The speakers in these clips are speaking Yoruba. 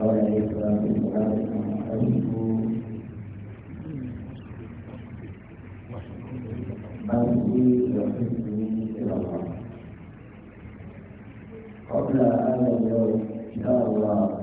قال عليه الصلاة والسلام حديث قلبي قبل هذا اليوم إن شاء الله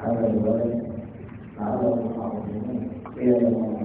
还有很多，还有好多，这样。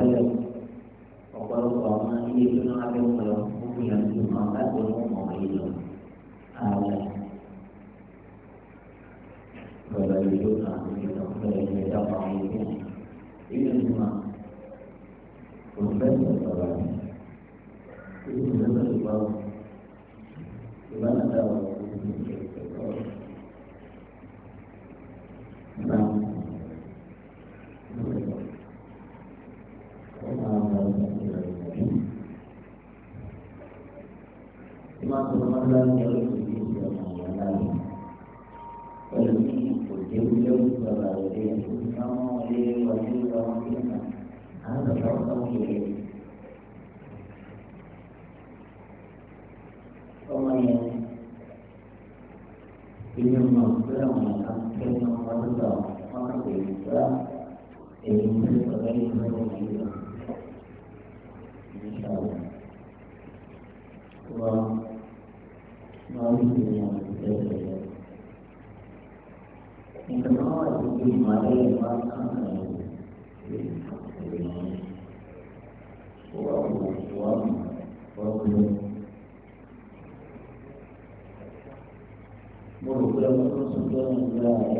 வந்தது அப்புறம் இது நாங்கள் உங்களை மாதிரி ஒரு மொழியிலும் ஆகலை இது நாங்கள் இது நம்ம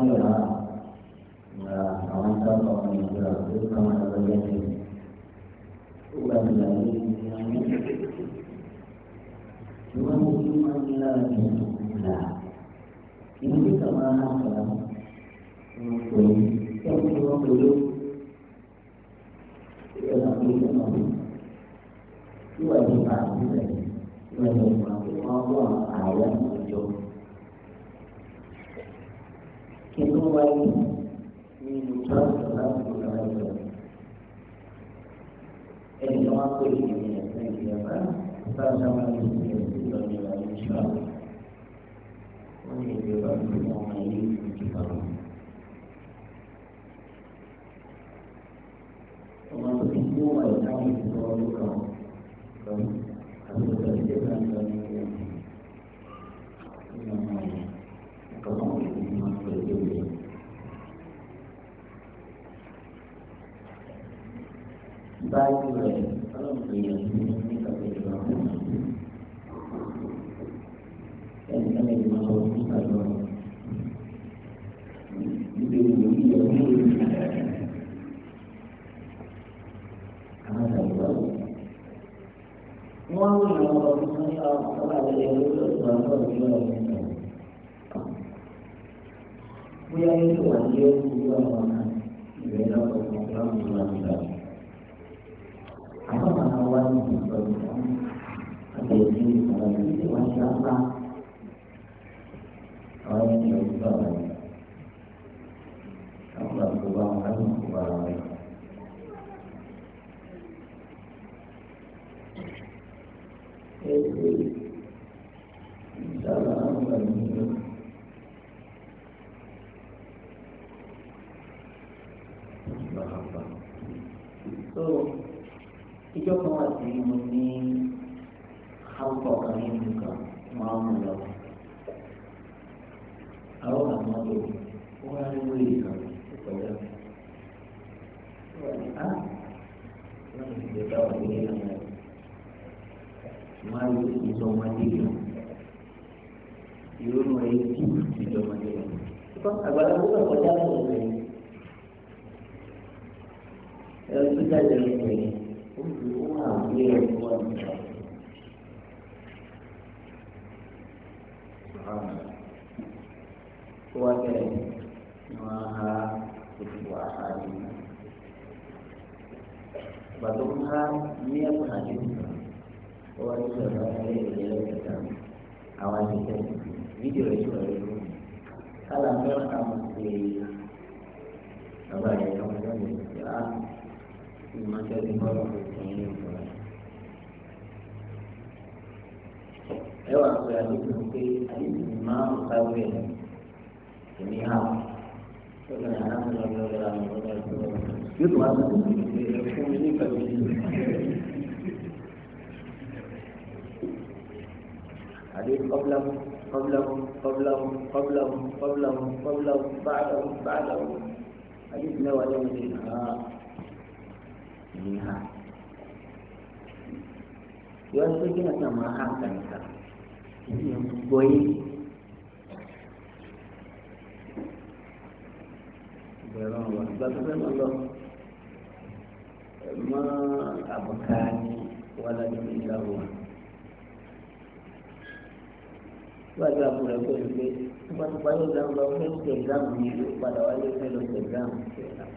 أمرها ومن تطلق من الجواب كما تبين والذين يؤمنون إلى الله ini kemana kan? Yang cuma dulu kita nanti nanti dua di pagi lagi, dua di pagi Allah ayat nobody means you trust the person who loves you. And you want to give me a thank you, but start someone who is interested in your insurance. Only if you are from my youth, you can ਉਹ ਬਚਾ ਲੈਂਦੇ ਨੇ ਇਹ ਸਿੱਧਾ ਜਿਹੜੇ ਨੇ ਉਹ ਉਹ ਆ ਵੀ ਉਹ ਕੋਈ ਨਹੀਂ ਸੁਭਾਨ ਕੋਈ ਨਹੀਂ ਨਵਾਹਾ ਕੁਝ ਵਾਹਾ ਜੀ ਬਦੁਨਹਾ ਨੀ ਆਪਣਾ ਜੀ ਉਹ ਇਸ ਰਾਹੇ ਦੇ ਜਿਹੜੇ ਕੰਮ ਆਵਾਜ਼ ਦੇ ਵੀਡੀਓ ਰਿਕਾਰਡ ਕਰੋ ਕਲਾਂ ਦੇ ਕੰਮ pé bàbá rẹ̀ lọ́wọ́ lọ́wọ́ ìgbà á ní máa tẹ́ ọdún bọ́ọ̀lù fún ilé ìfọ̀ rẹ̀. ẹ wà pé àdúgbò pé àyíkú máa ń sáré ẹ̀ èmi hà ó lọ́wọ́ ní aláǹdọ̀lọ́ lọ́wọ́ àwọn ọ̀dọ́ ìfọ̀ rẹ̀. yóò tó wá sí ìpínlẹ̀ fún mi nígbà tó ti àdéhùn ọ̀gbìn قبلهم قبلهم قبلهم قبلهم قبلهم بعدهم بعدهم حديث نوع يوم الانهاء الانهاء يوم سجنة ما حاكمك يوم Bagaimana Allah mengabaikan gbàgbé àbúrò ẹgbẹ́ mi pé nípa tó parí ìdáhùn lọ fún ìṣe ìdáhùn mi ló padà wáyé fẹ́ lọ sí ìdáhùn ìṣe ìdáhùn.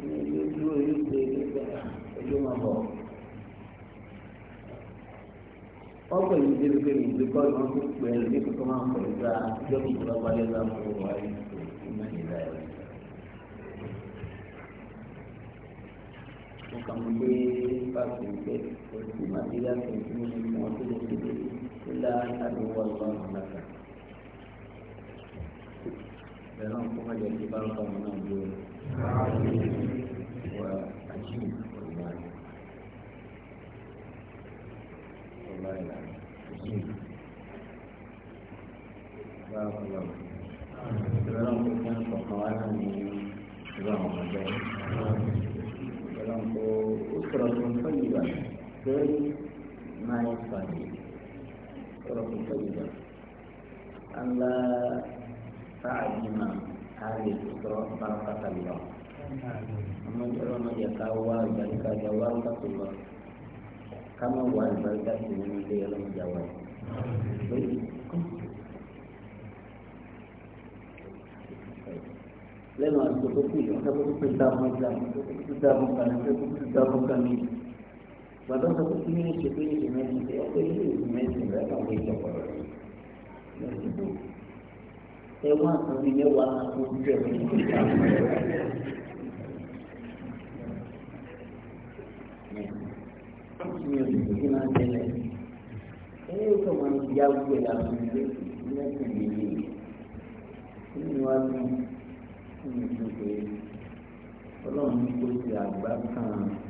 ní ilé dúró yìí ṣe nípa ojú máa bọ̀. ọkọ̀ yìí débi pé mi ìgbé kọ́ ìwọ́n tó pè é lórí kókó máa ń pọ̀ ìgbà ìjọ mi ìjọba parí ìgbà fún wa yìí ìmọ̀ ìlà ẹ̀. mo kà mọ̀ pé báàgì ń pẹ́ òtún màtíríà tó ń fún mi mọ́ tó lè ṣe déédéé. إلا أن هو الله لك بلان كما يجي بلغة من أبيون وعجيب والله والله لا عجيب بارك الله بلان كما يجي بلغة من أبيون بلان كما يجي بلغة من أبيون تركوا طيبا ألا تعلم هذه الفطرة بركة الله أما جرم يتاوى البركة جوارك الله كما هو البركة من غير جوارك lẹ́nu àti tó kù yìí wọ́n tẹ́kọ̀ọ́ tó dáàbò ìjà tó dáàbò kan tó dáàbò kan ní. But also the community really mentioned, they also really mentioned that on the world. They want to be know what to do. Ẹyẹ kò máa ń ya wúwo ya fún mi lẹ́sìn mi yìí. Nínú wa ní ìlú pé ọlọ́run kò ṣe àgbá kan.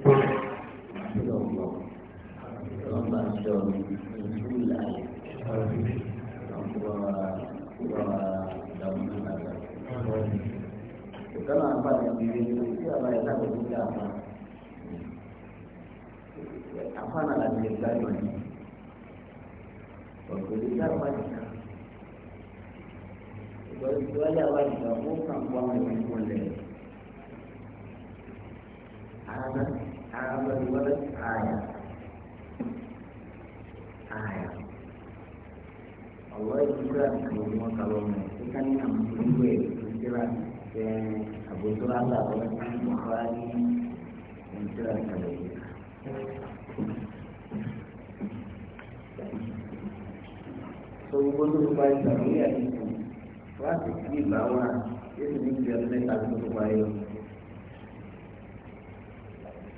Kalau apa yang diri itu apa yang tak berbuka apa? Apa nak lagi dari mana? Berbuka mana? Berbuka apa? Bukan buang yang boleh. هذا هذا الولد آية آية Allah itu kan semua kalau itu kan yang gue pikiran ke Abu Surah lah oleh kan Bukhari yang cerah kalau kita. So untuk supaya saya itu pasti di bawah itu di dalam satu supaya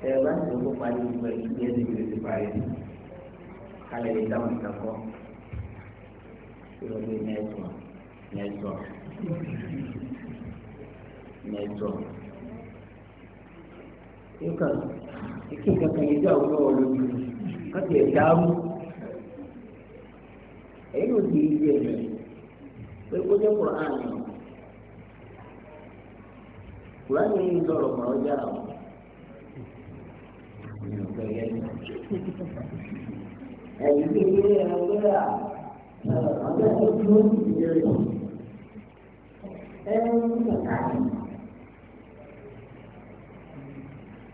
ẹ bá ti kó parí gbogbo ẹ kí ẹ ti gbèrè ti parí kálẹ̀ lè dáhùn ìtàkọ́ ìrọ̀lẹ́ nẹ́tọ̀ nẹ́tọ̀ nẹ́tọ̀ yóò kan yẹ kí àwùjọ wọn lójú káti ẹ̀ dáhùn èyí ló di ilé ẹ̀ pé ó jẹ́ kùránì kùránì yìí And you can get in and look it up. I'm going to take you into the area. And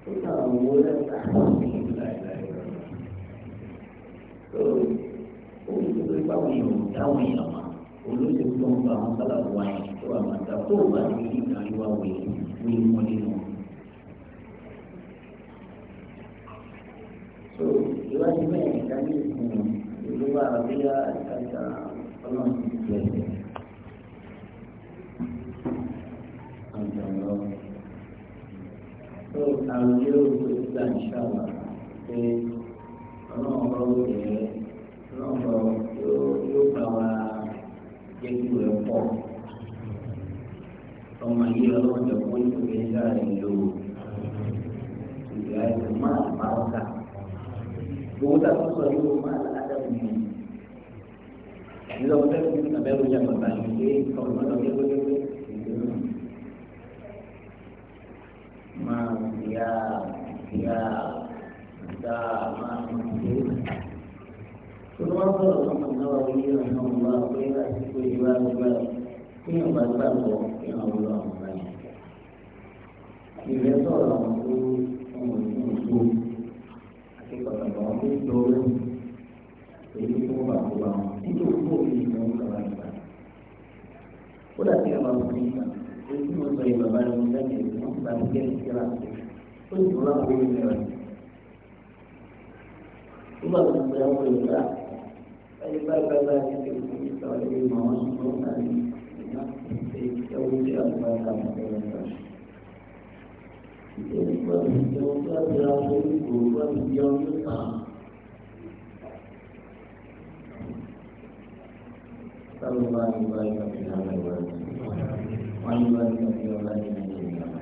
we can have a word of God. So, oh, you can do it you. Tell me, Mama. Olu ti gbọ́n gba ọmọ kala wáyé tó a ma ta tó o ma ti yí ká yíwá wéyí ní mọ́lẹ́nu. nǹkan ní ìsìn ìlú wa bóyá ìtajà ọlọ́run ti jẹ àjọyọ̀. tó àwọn yóò tó gbà ìṣàwà pé ọlọ́run bá wò yẹ ọlọ́run bá yóò bá wa jẹ́ kí wọ́n mà là mình, đâu có lòótọ́ tó sọ yóò má àdáwò yìí lọ́wọ́ tẹ́lẹ̀ fún abẹ́rù ìjà bàbá yìí pé ọ̀rọ̀ náà lé wéléwé máa yá yá dá máa ń gbé. Tolú wá sọ̀rọ̀ fún mi náà wọ́n yé ọ̀nà ọ̀la pé àti pé ìwà àgbà kí ni ọba gbàgbọ́ kí ni ọba ọ̀la ọ̀la yìí. Ìrẹsọ̀rọ̀ àwọn tó ń wọ̀ ní ìlú. àwọn tó ń lọ lórí èyí tó wà tó wà nínú owó yìí ni wọn kàwá ìgbà ó dàbí àwọn ọmọdé ìgbà ó ní wọn sọ yìí bàbá yìí lẹ́yìn èyí wọn gba ẹgbẹ́ ìṣẹ́ra ó sì wọ́n láwọn owó ìlera nígbà tó ń gbé àwọn ìlera ẹni bá bá bá ti ṣe fún ìṣàlẹ̀ ìmọ̀ wọn ṣùgbọ́n náà ní ìyá ìṣẹ́ ìṣẹ́ oúnjẹ àgbàdo صلى الله وبارك في هذا الولد وبارك في اولادنا جميعا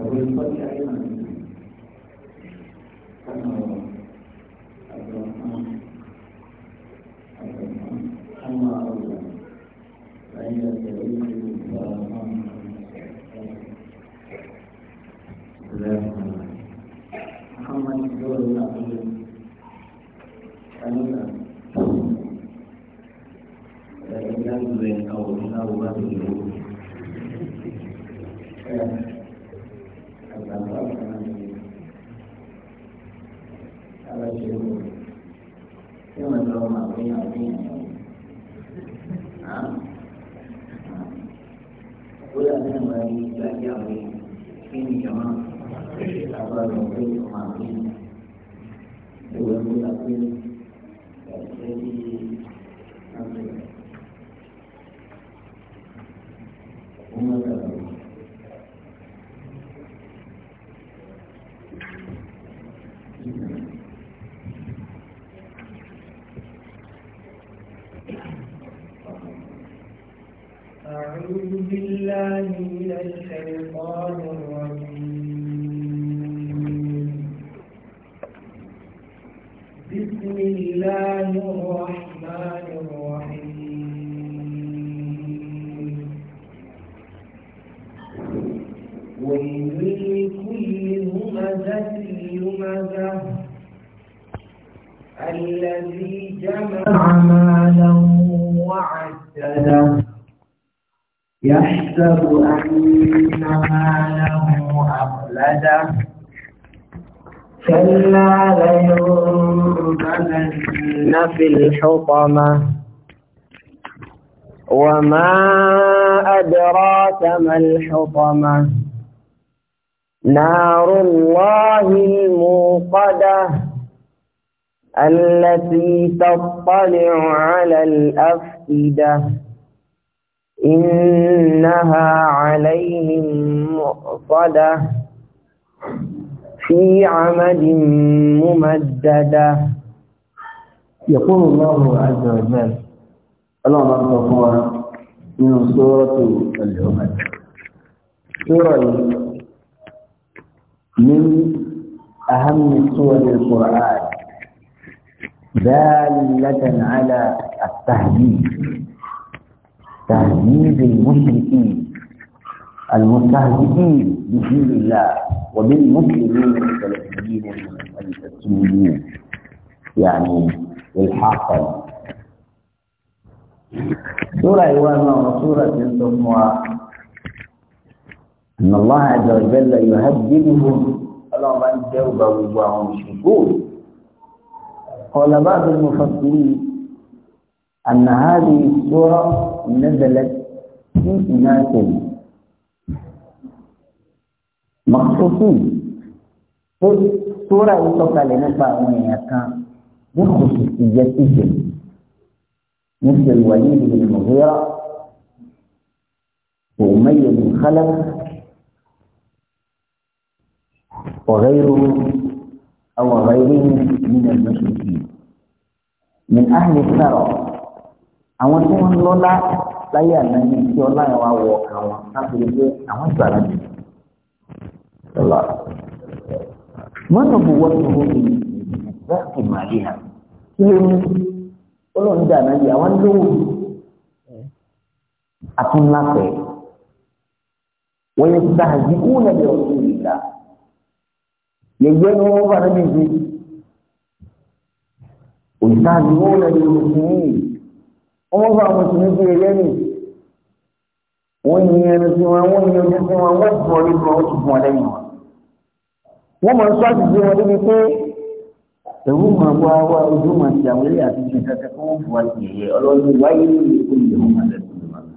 وبالفضل ايضا يحسب أن ماله أخلده كلا لينبذن في الحطمة وما أدراك ما الحطمة نار الله الموقدة التي تطلع على الأفئدة إنها عليهم مؤصدة في عمد ممددة يقول الله عز وجل اللهم أكبر من سورة العمد سورة من أهم سور القرآن دالة على التهديد تهذيب المشركين المستهزئين بدين الله وبالمسلمين السلفيين المسلمين يعني الحاقا سورة إيوانا وسورة ثم أن الله عز وجل يهددهم اللهم أنت وبوابهم مشركون قال بعض المفسرين أن هذه السورة نزلت في أناس مخصوصين سورة يتوقع لنفع أمنيكا بخصوصيتهم مثل الوليد بن المغيرة وأمية بن خلف وغيره أو غيرهم من المشركين من أهل الثروة àwọn tí wọ́n lọ́lá láyé àná ní kí ọlá yẹn wá wọ ọkàn wọn láti rí pé àwọn ìgbàlá jù lọ́lá. wọ́n lọ bu wọ́n tó wọ́n yìí láti màlí hàn kí ló ní ọlọ́run dà náà yìí àwọn lówó àtúnláfẹ́ wọ́n yẹ sáàjì kú lẹ́yìn ọ̀sùn ìlà yẹ̀yẹ́ ni wọ́n bá rẹ́ bí bí òṣìṣẹ́ àjùmọ̀ lẹ́yìn ọ̀sùn ìlà wọ́n bá mùsùlùmí fi ẹlẹ́yìn wọ́n yin ẹnu sí wọn wọ́n yin ojú sí wọn wọ́n ti fọ́ nípa wọ́n ti fọ́ lẹ́yìn wọn. wọ́n mọ̀ nípa àtijọ́ wọn débi pé ẹ̀rú máa wá wá ojú máa ti àwọn ilé àti ìṣe kẹkẹ kó wọ́n fọ́ àti ẹ̀yẹ ọlọ́run wáyé ní ìlú ìlú máa lẹ́sùn lọ́wọ́.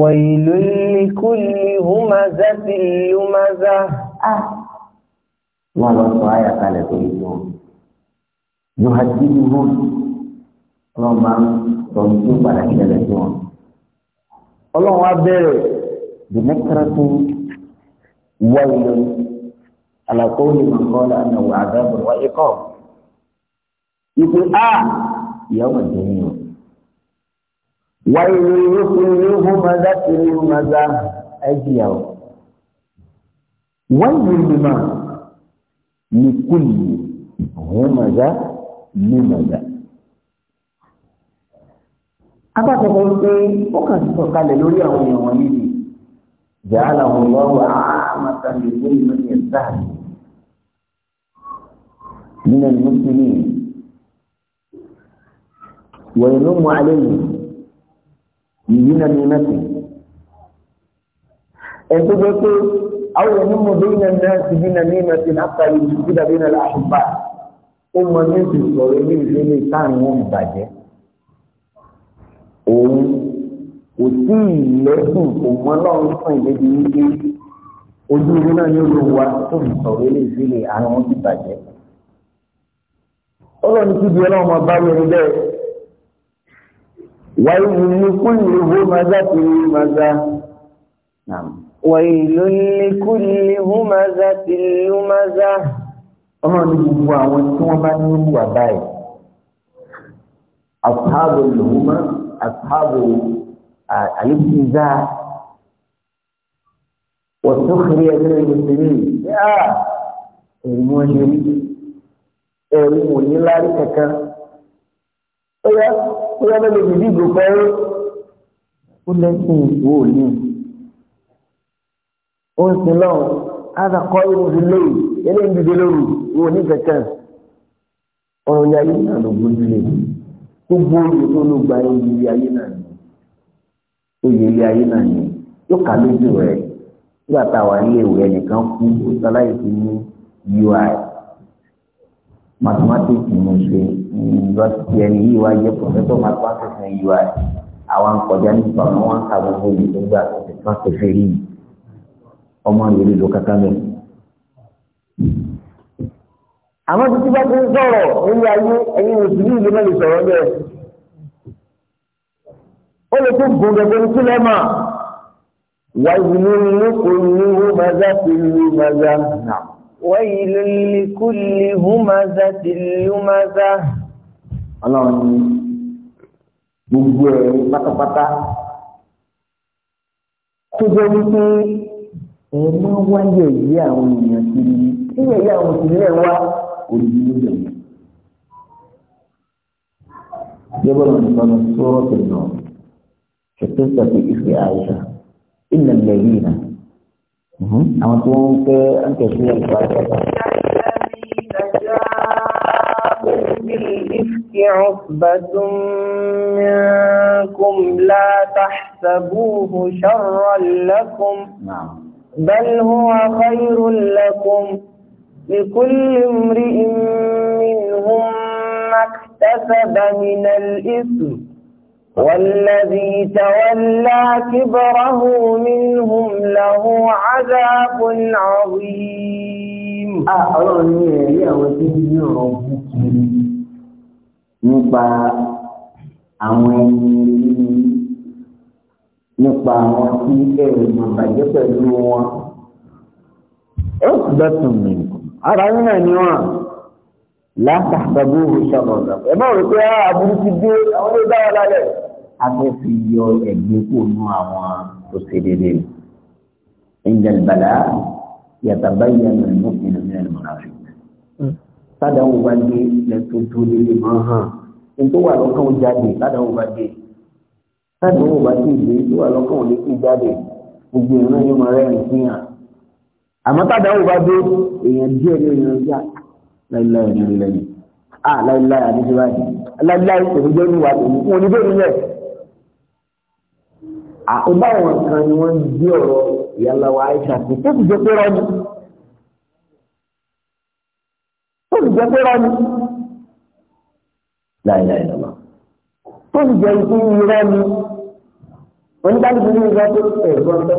ويل لكل همزة لمزة الله سبحانه وتعالى يهددهم ọlọ́run máa ń sọ tí ó padà ṣẹlẹ̀ sí wọn. ọlọ́run á bẹ̀rẹ̀ dèmọ́kírátì ìwà ìlú alàkóyè mọ̀kànlá ànáwó àdábọ̀ wáyé kọ́. ìpè a ìyàwó ìdẹ́yìn o. wáyé yóò fi yóò fún mazá kiri mazá ẹ̀jìyà o. wáyé yóò máa ní kúlì ní mazá ní mazá abájọpọ̀ pé ó kàn sí sọ̀kalẹ̀ lórí àwọn èèyàn wọn níbi jàálà wọn lọ́wọ́ àmàtà lè gbé ìlú ní ẹ̀dá nínú ìlú mùsùlùmí wọ̀ ìlú mu alẹ́ yìí yìí nà ní mẹ́sì ẹ̀sọ́ pé pé àwọn ìlú mu bí nà náà ti bí nà ní mẹ́sì náà kàlí ìdílé bí nà láàbà ó mọ ní ìsìn sọ̀rọ̀ ilé ìfẹ́ wọn bàjẹ́ òun kò sí ìlẹ́sùn òun ọlọ́run fún ìdẹ́bi wípé ojú irú náà ni ó lò wá tó fi sọ̀rọ̀ ilé ìdílé àwọn wọn ti bàjẹ́. ọlọ́run ti di ọlọ́run máa bá lórí bẹ́ẹ̀. wáyé mi ní kúlù owó máa dá kiri máa dá. ويل لكل همزة لمزة ọlọ́run ní gbogbo àwọn tí wọ́n bá ní wà báyìí àtàbọ̀ lòun máa ashabu àlùfíìzà wọ̀túkìrì ẹgbẹ́ mùsùlùmí yá èèmọ̀ ṣe rí ẹ̀rù wò ní lárí kankan ó yẹ kó yẹ lọ́dọ̀ bìbí ìgò pẹ́rẹ́ ó lẹ́sìn ìwò òní ó ń sin lọ́wọ́ ága kọ́ irun fi lóru eléyìí dìde lóru wò ní kankan ọ̀rọ̀ yayé náà ló gbójú lé mi gbogbo oyè tó ló gba oyè ilé ayé náà ni oyè ilé ayé náà ni yóò kà lójú rẹ nígbà tá a wà nílé ìwé ẹnìkan kú ọ̀sáláyè ti ní UI mathematics mo ṣe yunifásitì ẹni yìí wá jẹ professor mathematics ní UI àwọn akọjá nípa wọn wọn kà gbogbo oyè gbà tó ti tán ṣe yìí ọmọ yìí kàkà mẹ́rin àmọ́ títí bá ti ń sọ̀rọ̀ nínú ayé ẹ̀yin mùsùlùmí ìlú náà lè sọ̀rọ̀ bẹ́ẹ̀. ó lè tún gùn gẹ́gẹ́ ní kílẹ̀mà wáyé nínú oyin húmazá ti lu mazá nà. wáyé lórí kúlì húmazá ti lu mazá. ọlọ́run ní gbogbo ẹ̀ pátápátá tó jẹ́ wípé ẹ̀ máa wáyé yìí àwọn èèyàn kiri yìí ẹ̀yà òṣèlú ẹ̀ wá. والمدن جبل من سورة النور شكلت في إخي عائشة إن الذين أما تقول أنت شيء الفاتحة بالإفك عصبة منكم لا تحسبوه شرا لكم نعم بل هو خير لكم لكل امرئ منهم ما اكتسب من الإثم والذي تولى كبره منهم له عذاب عظيم ọlọ́run ní ẹ̀rí àwọn tí ń ní ọ̀rọ̀ bú kiri nípa àwọn ẹni rí nípa àwọn tí ẹ̀rù màbàjẹ́ pẹ̀lú wọn. ó sì bẹ́ẹ̀ tún mìíràn. ara yín náà ni wọn látàgbàgbó ìṣàkọ̀ọ̀dà ẹ má rò pé ah, aburú ti dé àwọn ilé dára lálẹ́ afẹ́ fi yọ ẹ̀gbẹ́ kò nú àwọn tó ṣe déédéé ni ìjẹ̀lbàlá yàtàbáyà ní mọ́kànlá ní ẹ̀lmọ́nàfẹ́ sádàwò bá dé lẹ́tọ́ tó déédéé máa hàn nítorí wà lọ́kàn ó jáde sádàwò bá dé sádàwò bá dé ìgbé tó wà lọ́kàn ó lé kí jáde gbogbo ìran yóò máa rẹ́rìn-ín hàn àmọ́ tàdáwò bá dé èèyàn díẹ̀ ní èèyàn ọjà láìláì ní ìlẹ́yìn à láìláì àdéjọ báyìí láìláì òun jẹ́ níwà tòun wọn ní bẹ́ẹ̀ nílẹ̀ àkóbáwọn kan ni wọ́n ń gbé ọ̀rọ̀ ìyáláwa Aisha sí tó sì jẹ́ pé rọ́ọ̀nù tó sì jẹ́ pé rọ́ọ̀nù láìláì lọ́wọ́ tó sì jẹ́ ikú irọ́ oníkálukú ní ìgbà tó ẹ̀gbọ́n tó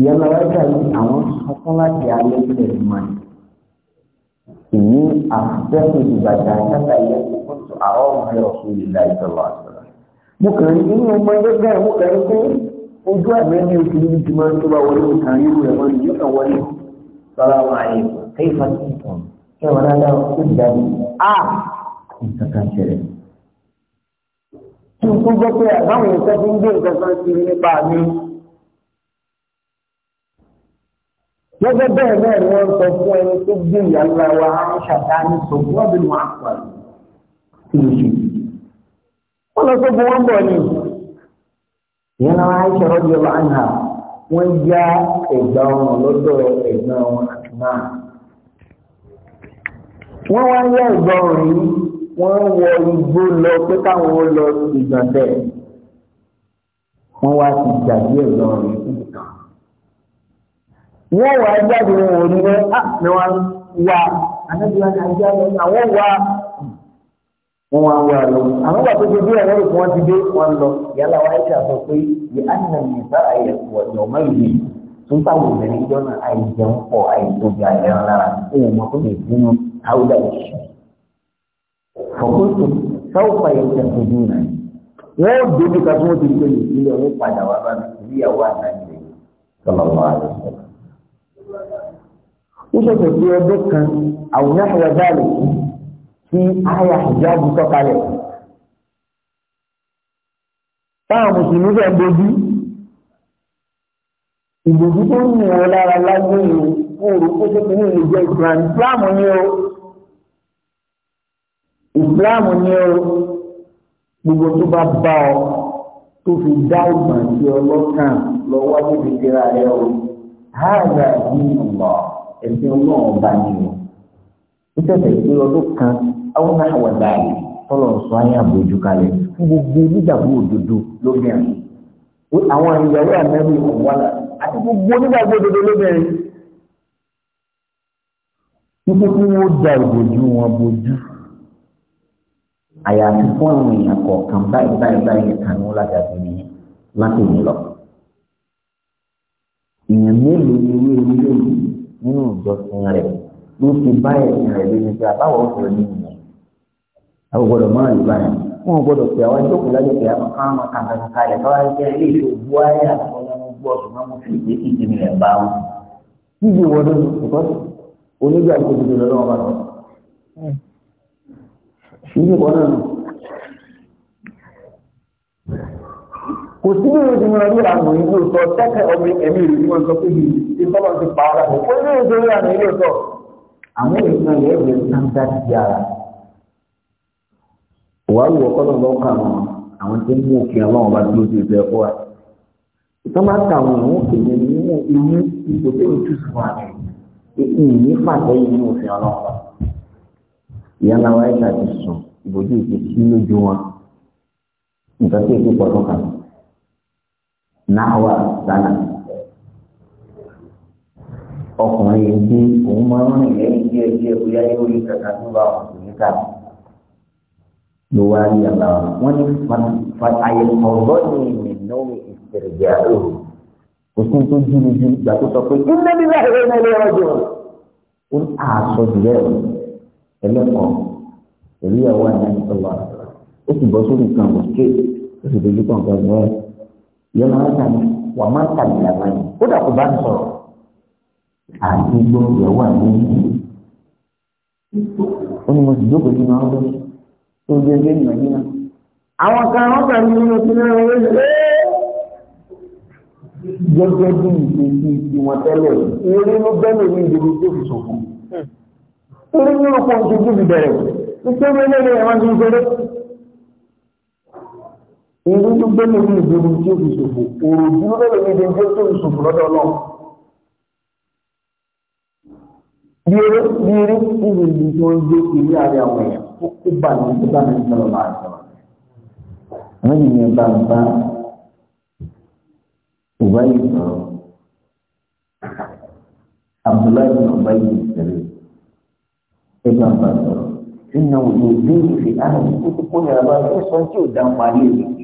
ìyẹn lọ wájà yìí àwọn sọkún láti alẹ́ tẹ̀ mọ́ ẹ̀. ìní àfẹ́kù ìgbàjà sábà yẹ kó tó àwọn ọmọdé ọ̀sùn ìlà ìjọba àṣọra. mo kàn ní inú ọmọ ẹgbẹ́ bẹ́ẹ̀ mo kàn ní pé ojú àgbẹ̀ ní oṣù ní ti máa ń tó bá wọlé mo kàn yíwò ẹ̀ mọ́ ìyẹn kan wọlé. sọlá wà á yẹ kó ìfà kí wọn náà dáhùn tó dìgbà ní a nǹkan kan ṣẹlẹ̀. kí n tó gbọ́ pé àbáwọn ìṣẹ́ gẹ́gẹ́ bẹ́ẹ̀ náà ni wọ́n sọ fún ẹni tó gbé ìyá ńlá wa aṣa dání sọ fún ọdún ní wàá pa ìlú wọ́n lọ sọ́gun wọn bọ̀ ni ìyẹn náà wọ́n aṣọ ọdún ọba àná wọ́n yá ẹ̀gbà ọ̀run lọ́dọ̀ ẹ̀gbà ọ̀run náà wọ́n wá yá ẹ̀gbà ọ̀run yìí wọ́n wọ igbó lọ pé káwọn lọ ìgbọ̀nsẹ̀ wọ́n wá ti jà sí ẹ̀gbà ọ̀run yìí wọ́n wà jáde wọn ò ní wọ́n á ah, ní wọ́n wà ànábìyàn nàìjíríà lọ́nà àwọn wà wọ́n wà wà lọ. àwọn wà tó dojú ẹ̀rọ rẹ̀ kí wọ́n ti dé wọn lọ. yálà wáyé ṣe àsọ pé yìí á nà ní sára ẹ̀ pọ̀ ní ọmọ ìlú tó ń táwọn obìnrin jọ náà àìjẹun pọ̀ àìtóbi àìrẹ́rán lára òun mọ̀ tó lè dúró àwùdá ìṣù. fọ̀kóso sáwùfà yẹn ti dojú náà. wọ́n dojú ka tí wọ́n ti gbé ìdílé wọn padà wá bá mi ìyàwó àná ó ṣẹ̀ṣẹ̀ di ọdún kan àwọn ẹ̀rọ báàlì tí àyà ìjáàbù sọ̀kalẹ̀ táwọn mùsùlùmí fẹ́ dojú ìgbòjú tó ń mú ọ lára lágbó ìlú òòrùn tó fi ní ìlú jẹ ìsìlámù ni o ìsìlámù ni o gbogbo tó bá bá ọ tó fi dá ìgbà sí ọlọ́kàn lọ́wọ́ tó fi tẹ́ra rẹ o hàlà nínú lọ ẹ̀sìn ọlọ́run bá ní o nítorí pé ọdún kan àwọn àwàdà yìí tọ́lọ̀ sọ ayé àbójú kalẹ̀ fún gbogbo onígbàgbọ́ òdodo lóbìnrin àwọn ìyàwó àmẹ́rin ọ̀wálà àti gbogbo onígbàgbọ́ òdodo lóbìnrin kíkó kí wọ́n da ìbòjú wọn bójú àyàfi fún àwọn èèyàn kọ̀ọ̀kan báyìí báyìí báyìí kan ní wọ́n lájà sí nìyẹn láti ìlọ èèyàn mélòó ni ewé ilé yìí nínú ìjọsìn rẹ̀ ló ti bá ẹ̀sìn rẹ̀ lé ní pé àbáwọ̀ ọ̀sẹ̀ ní ìyẹn àwọn gbọ́dọ̀ máa rí báyìí wọn gbọ́dọ̀ pé àwọn ìjókòó lọ́jọ́ pé àwọn kan máa kàn kàn kalẹ̀ káwá jẹ́ ilé ìṣó bu ayé àtàwọn ọmọ bu ọ̀sùn máa mú fìdí ìdí mi rẹ̀ bá wọn. níbi ìwọ́dọ̀ ìkọ́ onígbà tó ti lọ́dọ̀ wọn bá lọ. Hmm. níbi ìwọ́dọ̀ kò sí ní ìròyìn ìrìnà ụtọ ìlànà ìlú ọ̀tọ̀ tẹ́kẹ̀ ọmọ ẹ̀mí ìròyìn wọn sọ pé yìí ti sọ́lọ́ ti pa ara rẹ̀ fún ìròyìn ìròyìn ìlànà ìlú ọ̀tọ̀ àwọn ìrìnà wù náà àwọn ń mú ọlọ́run bá dúró sí ìfẹ́ wa ìtọ́ máa ta àwọn nínú ipò tó ń náwà sánà ọkùnrin yìí bí òun máa ń rìn lẹ́yìn díẹ̀ díẹ̀ bóyá yóò rí kàkà tó bá wọn kò ní kà ló wá rí àbá wọn ní àyẹ̀kọ́ lọ́dún ìrìn náwó ìfẹ̀rẹ̀jẹ̀ àlọ́ kò sí tó jí mi ju ìgbà tó sọ pé kí lẹ́bi bá ìwé náà lé ọjọ́ ó ní àṣọ ìlẹ̀ ẹlẹ́kọ̀ọ́ pẹ̀lú ìyàwó àdáyé tó wà ó sì bọ́ sórí kan kò ó sì dojú kan kan lọ́wọ́ yẹn máa ń tà ní wà máa ń tà ní ìyàwó yẹn ó dà kó bá ń sọ̀rọ̀ àti gbọ́dọ̀ wà ní ìlú. ó ní mo sì jókòó sínú àwọn ọdún tó gbé gbé ìmọ̀ yìí náà. àwọn kan wọn kàn ní mo ti ní ọwọ́ ìṣẹ́ gẹ́gẹ́ bí ìṣesí ti wọn tẹ́lẹ̀ eré ló bẹ́ẹ̀ ní ìdíbi tó fi ṣòfò. eré ní ọkọ̀ ìṣojú fi bẹ̀rẹ̀ nítorí irú tó gbé lórí ìgbèrú tí ó fi ṣòfò òòrùn dúró lórí ìdí tí ó tó fi ṣòfò lọ́dọ̀ náà bí eré bí eré tí ìlú ìlú tó ń gbé ìlú ààrẹ àwọn èèyàn ó kó bà ní tó bá ní sọ̀rọ̀ máa sọ̀rọ̀ àwọn ènìyàn bá ń bá ìwáyé sọ̀rọ̀ Abdullahi bin Ubayi sẹ̀rẹ̀ ẹ bá ń bá sọ̀rọ̀ nínú ìlú ìlú ìfẹ́ àrùn tó kó yàrá bá ń sọ tí ò dá ń parí èyí.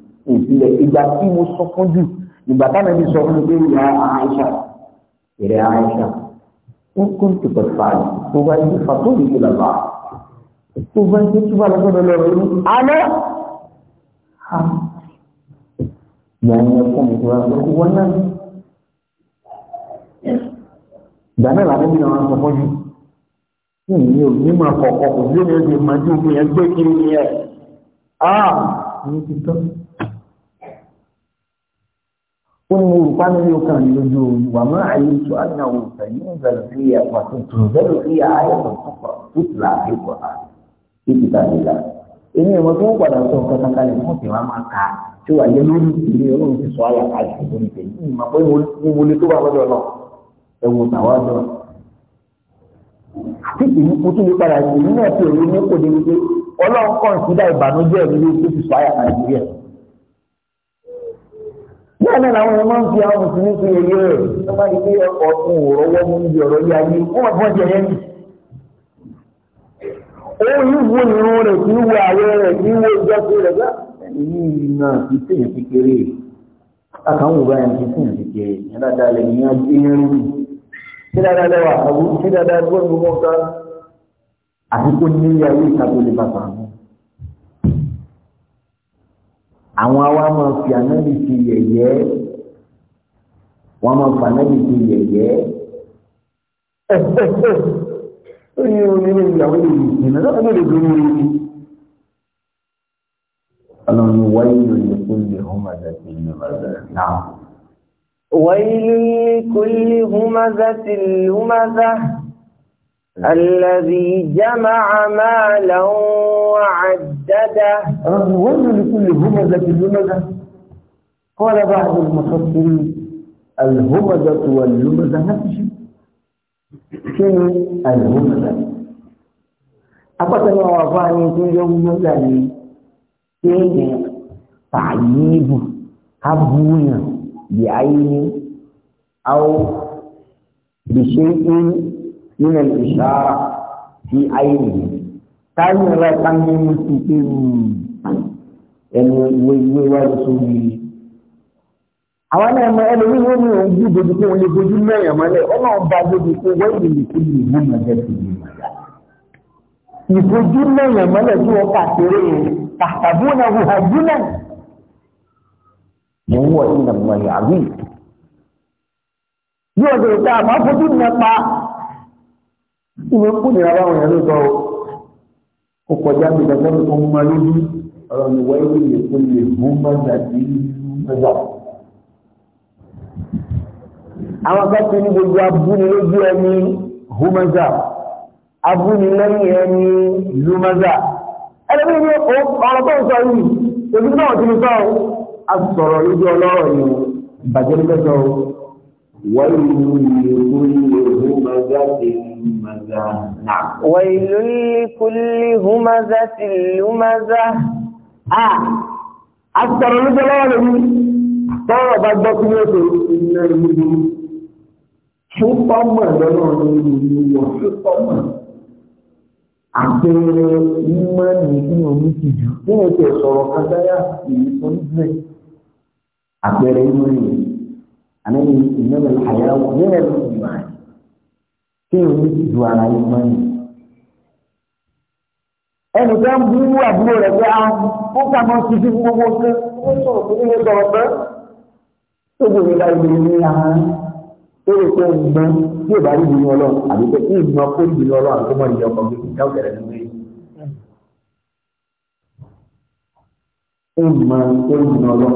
ìpìlẹ̀ ìgbà tí mo sọ fún jù ìgbà táwọn ẹbí sọ fún mi pé ìyá Aisha ìrẹ́ Aisha ó kún tó pẹ̀ fàájì tó bá yẹ fàtó yìí lọ́la tó bá yẹ tó bá lọ́sọ̀rọ̀ lọ́rọ̀ yìí alẹ́ ha yàrá yẹn fún mi tó bá lọ́sọ̀rọ̀ wọn náà ìgbà náà làwọn ẹbí náà sọ fún jù kí ni o ní máa kọ̀ọ̀kọ̀ kò sí ní ẹgbẹ́ ìmọ̀jú mi ẹgbẹ́ kiri ni ẹ̀ ah ní ti tọ́. قل يقال يكن لجوم وما علمت انه سينزل في وتنزل في آية أخرى تتلى في القرآن في كتاب الله إني مطلوب pada suatu kata-kata yang mesti lama kan. Cuba dia lulu, dia lulu sesuai yang ada di sini. Ini mampu mulut itu apa dulu? Yang mutawadu. Hati ini putus di pada sini. Ini apa yang ini pun dia. Orang konsider ìbànújẹ́ ini itu sesuai yang ada di sini bẹ́ẹ̀ náà làwọn èèyàn máa ń fi àwọn mùsùlùmí fi èyí rẹ̀ tó bá di pé ọ̀tún òrò wọ́n mú níbi ọ̀rọ̀ yá yé wọ́n máa fọ́n jẹ yẹn ni. òun yìí wo ìrun rẹ̀ kì í wo ààrẹ rẹ̀ kì í wo ìjọsìn rẹ̀ gbá. yìí náà kì í sèyàn kékeré àkàwọn òbá yẹn kì í sèyàn kékeré yẹn dáadáa lè ní ẹyẹ rú. ṣé dáadáa lẹ́wà àbú ṣé dáadáa gbọ́dọ̀ mọ́ta àti kó ní ilé ayé ìtàkùn lè bàtà mú. àwọn awa máa fi ànábì ti yẹ̀yẹ́ wọ́n máa fa ànábì ti yẹ̀yẹ́ ó ní onílé ìyàwó yìí ìrìnà lọ́wọ́ lè dúró rí i. ọlọ́run ní wáyé ló lè kó lè hó máa dà sí ilé máa dà náà. ويل لكل همزة لمزة الذي جمع مالا معددة رغم لكل همزة اللمزة قال بعض المفسرين الهمزة واللمزة نفس كم الهمزة أبطل وفاني في يوم مزاني كم تعييب أبونا بعين أو بشيء من الإشارة في عينه sáyẹn ẹ̀rọ ìpamọ́ ní ti pé hmm, ẹnu ìwé ìwé wa ló tó yìí. àwọn náà mọ ẹlòmí wọn ní òun bí dojú pé òun lè dojú mẹ́yàn mọ́lẹ̀ ọmọ òun bá dojú pé wọ́n lè lè kúrò ìlú mọ̀jẹ́ tó yìí mọ̀já. ìfojú mẹ́yàn mọ́lẹ̀ tí wọ́n kà kéré tàbí wọn àwọn àjúmọ̀ ni wọ́n ti nà mọ̀ yàrá yóò dé ìta àmọ́ fojú nípa ìwé kúrò ó kọjá mi lọ́jọ́ tó ń máa lójú ọ̀rọ̀ mi wáyé lè kó lè mú mọ́jà sí mọ́jà. àwọn akẹ́kọ̀ọ́ ní gbogbo abúni lójú ẹni húmọ́jà abúni lẹ́yìn ẹni lúmọ́jà ẹlẹ́bí ní ọ̀rọ̀ tó ń sọ yìí èyí náà ti ń sọ a sọ̀rọ̀ lójú ọlọ́rọ̀ ni ìbàjẹ́ ló fẹ́ sọ wáyé lè kó lè mú mọ́jà sí ويل لكل همزة لمزة آه أكثر من جلاله tọ́rọ̀ bá gbọ́ kí ló ṣe ilé ìlú ṣùpọ̀mọ̀ lọ́nà nínú ìlú wọ̀ ṣùpọ̀mọ̀ àpẹẹrẹ mímọ́ ní kí ni omi ti jù kí ni ti sọ̀rọ̀ kájáyà ìlú fún ìgbẹ́ àpẹẹrẹ mímọ́ ní ànábi ìnáwó àyáwó nínú ìlú ìmọ̀ tí ò ní ju ara yìí mọ́ ni. ẹnì kan bú àbúrò rẹ̀ pé àwọn ah, ó kà mọ́ títí fún gbogbo ṣe ó sọ̀rọ̀ fún ilé sọ̀rọ̀ pé tó gbòòrò bá ibi ní àwọn tó lè pé ìgbọ́n tí ò bá rí ìbínú ọlọ́run àbí pé kí ìgbọ́n kó ìbínú ọlọ́run àti mọ́ ìyá ọkọ̀ gbèsè ìjà òkèrè ló gbé. ìgbọ́n kó ìbínú ọlọ́run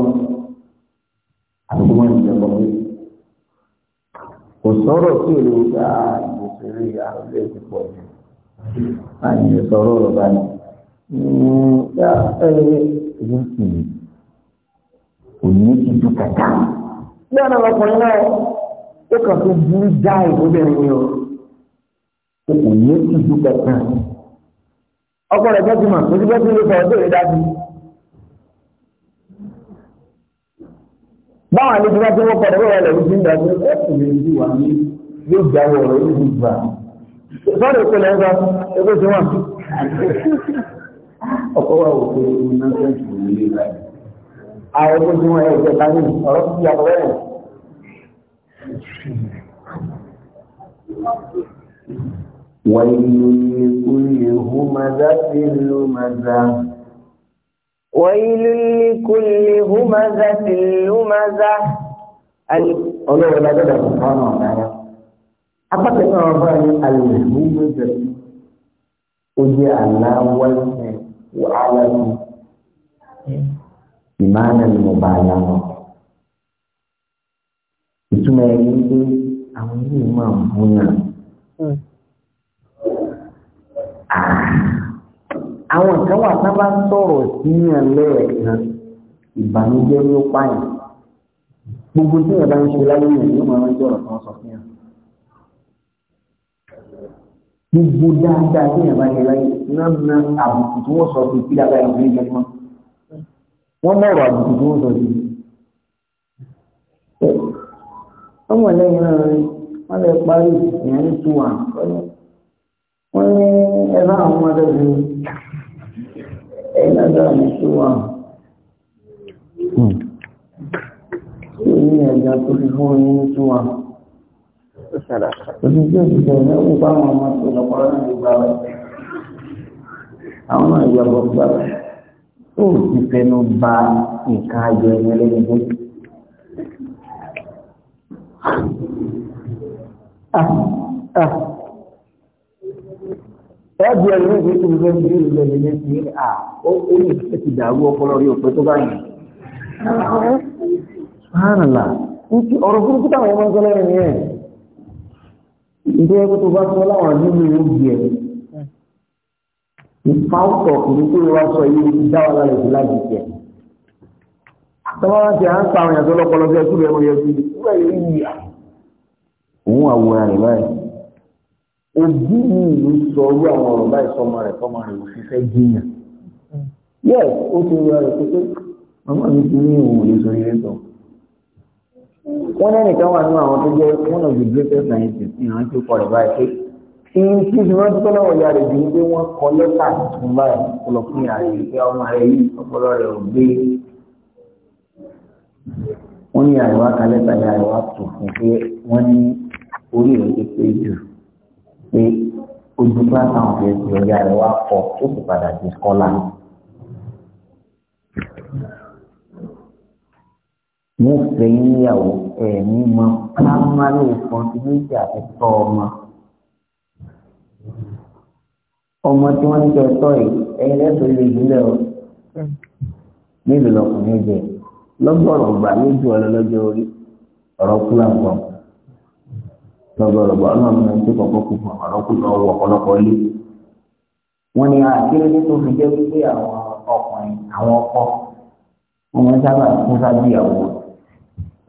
àti mọ́ ìyá ọkọ̀ gbèsè kò sọ̀rọ̀ sí òde eré àwọn ilé ìpọ̀ jù àyìn ìsọ̀rọ̀ ọ̀rọ̀ báyìí. yá ẹ ẹ̀yìn kì í kò ní ìdú kàkà. bí ọ̀nà ọkùnrin náà ó kàn fi burú já ìbúbẹ̀rẹ̀ ni o kò ní ìdú kàkà. ọkọ rẹ̀ bẹ́ẹ̀ ti mọ̀ kò sí bẹ́ẹ̀ ti lè sọ ọdún rẹ̀ dájú. báwọn àlejò bá ti wọ́pọ̀ ọ̀dọ́ rẹ̀ lẹ́yìn tí ń dàgbé ó kù lè ju wà ní yóò gbà wọ ọ̀rọ̀ yóò di gbà. Sọ́ọ̀rọ̀ ìpínlẹ̀ ẹ̀rọ ẹgbẹ́ tí wọ́n. Ọkọ̀ wa wò pé ewu náà fẹ́ jù ní ilé báyìí. Àwọn ẹgbẹ́ tí wọ́n yẹ ìjọ ká nínú ọ̀rọ̀ tí a kọ̀ wẹ́rẹ̀. ويل لكل همزة لمزة ويل لكل همزة لمزة الله لا بد سبحانه وتعالى apákẹ́kọ̀ọ́ àwọn afárá ní alùpùpù méjì ó jẹ́ aláwọ̀lẹ́ wàhálà ní ìmáàna ni mo bá a yá lọ. ìtumọ̀ ẹ̀ ní pé àwọn ilé máa ń bóyá. àwọn kan wà tá a sọ̀rọ̀ sí yàn lẹ́ẹ̀kan ìbànújẹ́ ló pààyàn gbogbo tí yàn ń ṣe láyé yàn yóò máa ń jọ̀rọ̀ kan sọ fún yàn gbogbo dáadáa tí yàrá yẹn láyé náà na àbùkù tí wọ́n sọ sí kí dáadáa yẹn fún ìjọba wọ́n mọ̀rọ̀ àbùkù tí wọ́n sọ sí. ọmọ lẹ́yìn náà rẹ wọ́n lè parí ìyẹn ní two one wọ́n ní ẹ̀rọ àwọn ọmọdé mi ẹ̀yìn náà dára ní two one. Tí hmm. o ní tó fi fún ọ ní two Òṣìṣẹ́ òṣìṣẹ́ ìlú bá wọn ọmọ tó lọ́pọ̀ náà ló gbà wẹ̀. Àwọn náà yọ ọgbọ gbà wẹ̀. Ó ti fẹnu ba nǹkan ayọ̀ ẹni lẹ́nu bó. Ẹ̀bí ẹ̀rọ ní ìgbésí ìgbésí ìgbésí ìlú ẹ̀mí ní ti à ó ní ìgbésí ti dàrú ọpọlọ rí òpin tó bá yìí. Sárànlá, ọ̀rọ̀ burúkú táwọn ọmọ ń sọ lẹ́yìn yẹn nítorí ẹgbẹ́ tó bá sọ láwọn nínú oúnjẹ ìfáwùtọ̀ kìí tó wá sọ yìí dá wa lára ìlú láti jẹ tọ́wọ́n ti à ń pa àwọn ìyàtọ̀ lọ́pọ̀lọ́ fẹ́ kúrò ẹ̀mọ́ yẹn sí wẹ́ẹ̀ yìí yìí òun àwòrán rẹ̀ báyìí òbí mi ló sọ orú àwọn ọ̀rọ̀ báyìí sọmọ rẹ̀ sọmọ rẹ̀ ò fi fẹ́ jiyàn hmm. yẹ́ẹ̀ ó ti rọra rẹ̀ pé pé màmá mi ti ní òun ò lè sọ ilé tán wọ́n ní ẹnìkan wà nínú àwọn tó jẹ́ one of the greatest scientists ní àwọn tó kọ rẹ̀ báyìí pé ìyẹn tí ìṣúná tó tọ́lọ̀ ọ̀yà rẹ̀ bí pé wọ́n kọ lẹ́tà tuntun báyìí ọpọlọ fún ìyá rẹ̀ pé ọmọ rẹ̀ yìí ọpọlọ rẹ̀ ò gbé wọ́n ní àríwá kan lẹ́tà ní àríwá tó fún pé wọ́n ní orí rẹ̀ ti pé jù pé ojú kíláàsì àwọn fi ọ̀yà rẹ̀ wá kọ ó sì padà di skọ́là yóò fẹ́ níyàwó ẹ̀mí mọ kámánú ìfọ̀ntìmẹ́tì àti tọ́ ọmọ. ọmọ tí wọ́n ń jẹ tọ́ yìí ẹ̀yin lẹ́sọ̀ lè jùlẹ̀ o nílùú lọkùnrin jẹ lọ́gbọ̀rọ̀ gbà lójú ọ̀rọ̀ lọ́jọ́ orí ọ̀rọ̀ kú làǹkọ̀ lọ́gbọ̀rọ̀ gbà ọlọ́run ẹni tó kọ̀kọ́ kú fún ọ̀rọ̀ kú lọ́wọ́ wọ ọ̀pọ̀lọpọ̀ ilé. wọ́n ní akérèdé tó fi jẹ́ wípé àwọn ọkùnrin àwọn ọkọ wọn sábà kú sábìyàwó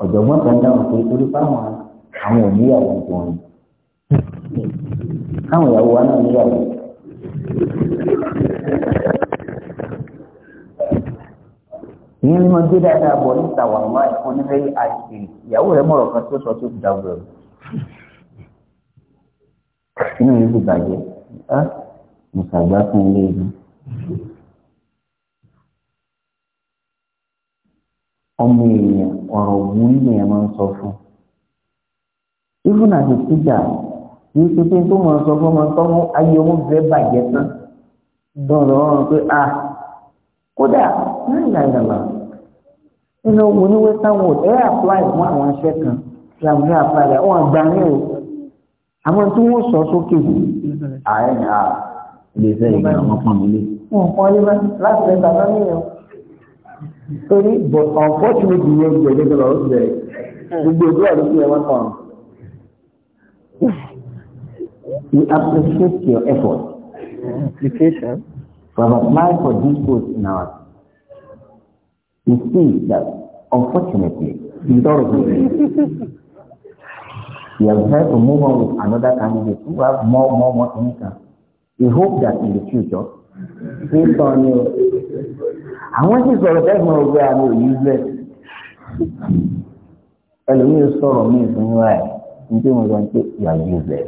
ọ̀jọ̀gbọ́n kan dáhùn pé torí fáwọn àwọn òníyàwó ìtàn káwọn ìyàwó wa náà níyàwó. ìyẹn ni mo gbé dáadáa bọ̀ níta wà wá ẹ̀kọ́ ní very high spirit ìyàwó rẹ̀ mọ̀rọ̀ kan tó sọ tó fi dàgbà rẹ̀. inú mi ti bàjẹ́ mo ṣàgbá fún ilé mi. ọmọ èèyàn ọ̀rọ̀ òun èèyàn máa ń sọ fún even as a teacher yìí ṣe pé tó máa sọ fún ọmọ tó mú ayé wọn fẹ́ bàjẹ́ tán dọ̀rọ̀ ọ̀rọ̀ pé a kódà láì láì lọ́la nínú oníwé táwọn ẹ apply fún àwọn iṣẹ́ kan tí a fẹ́ apply rẹ̀ wọ́n gbà ní o àmọ́ tí wọ́n sọ sókè ààrẹ ní a ilé iṣẹ́ ìgbà wọn pọ̀ nílé. wọn kọ́ ilé láti ẹgbàá lọ́nà yẹn o ó but unfortunately yóò jẹ gẹ́gẹ́ to sí ẹ̀ gbogbo ìlú ọ̀rọ̀ sí ẹwà kan. We appreciate your effort. Appreciation. We have applied for this post in our. We see that unfortunately, you don't We have tried to move on with another candidate who have more, more, more income. We hope that in the future, based on your àwọn sì sọ̀rọ̀ tẹ́gbọ̀n ọgbẹ́ àmì òyìn bẹ́ ẹlòmíì sọ̀rọ̀ míì fún wa ẹ̀ ní tí wọ́n sọ pé ìyàwó bẹ̀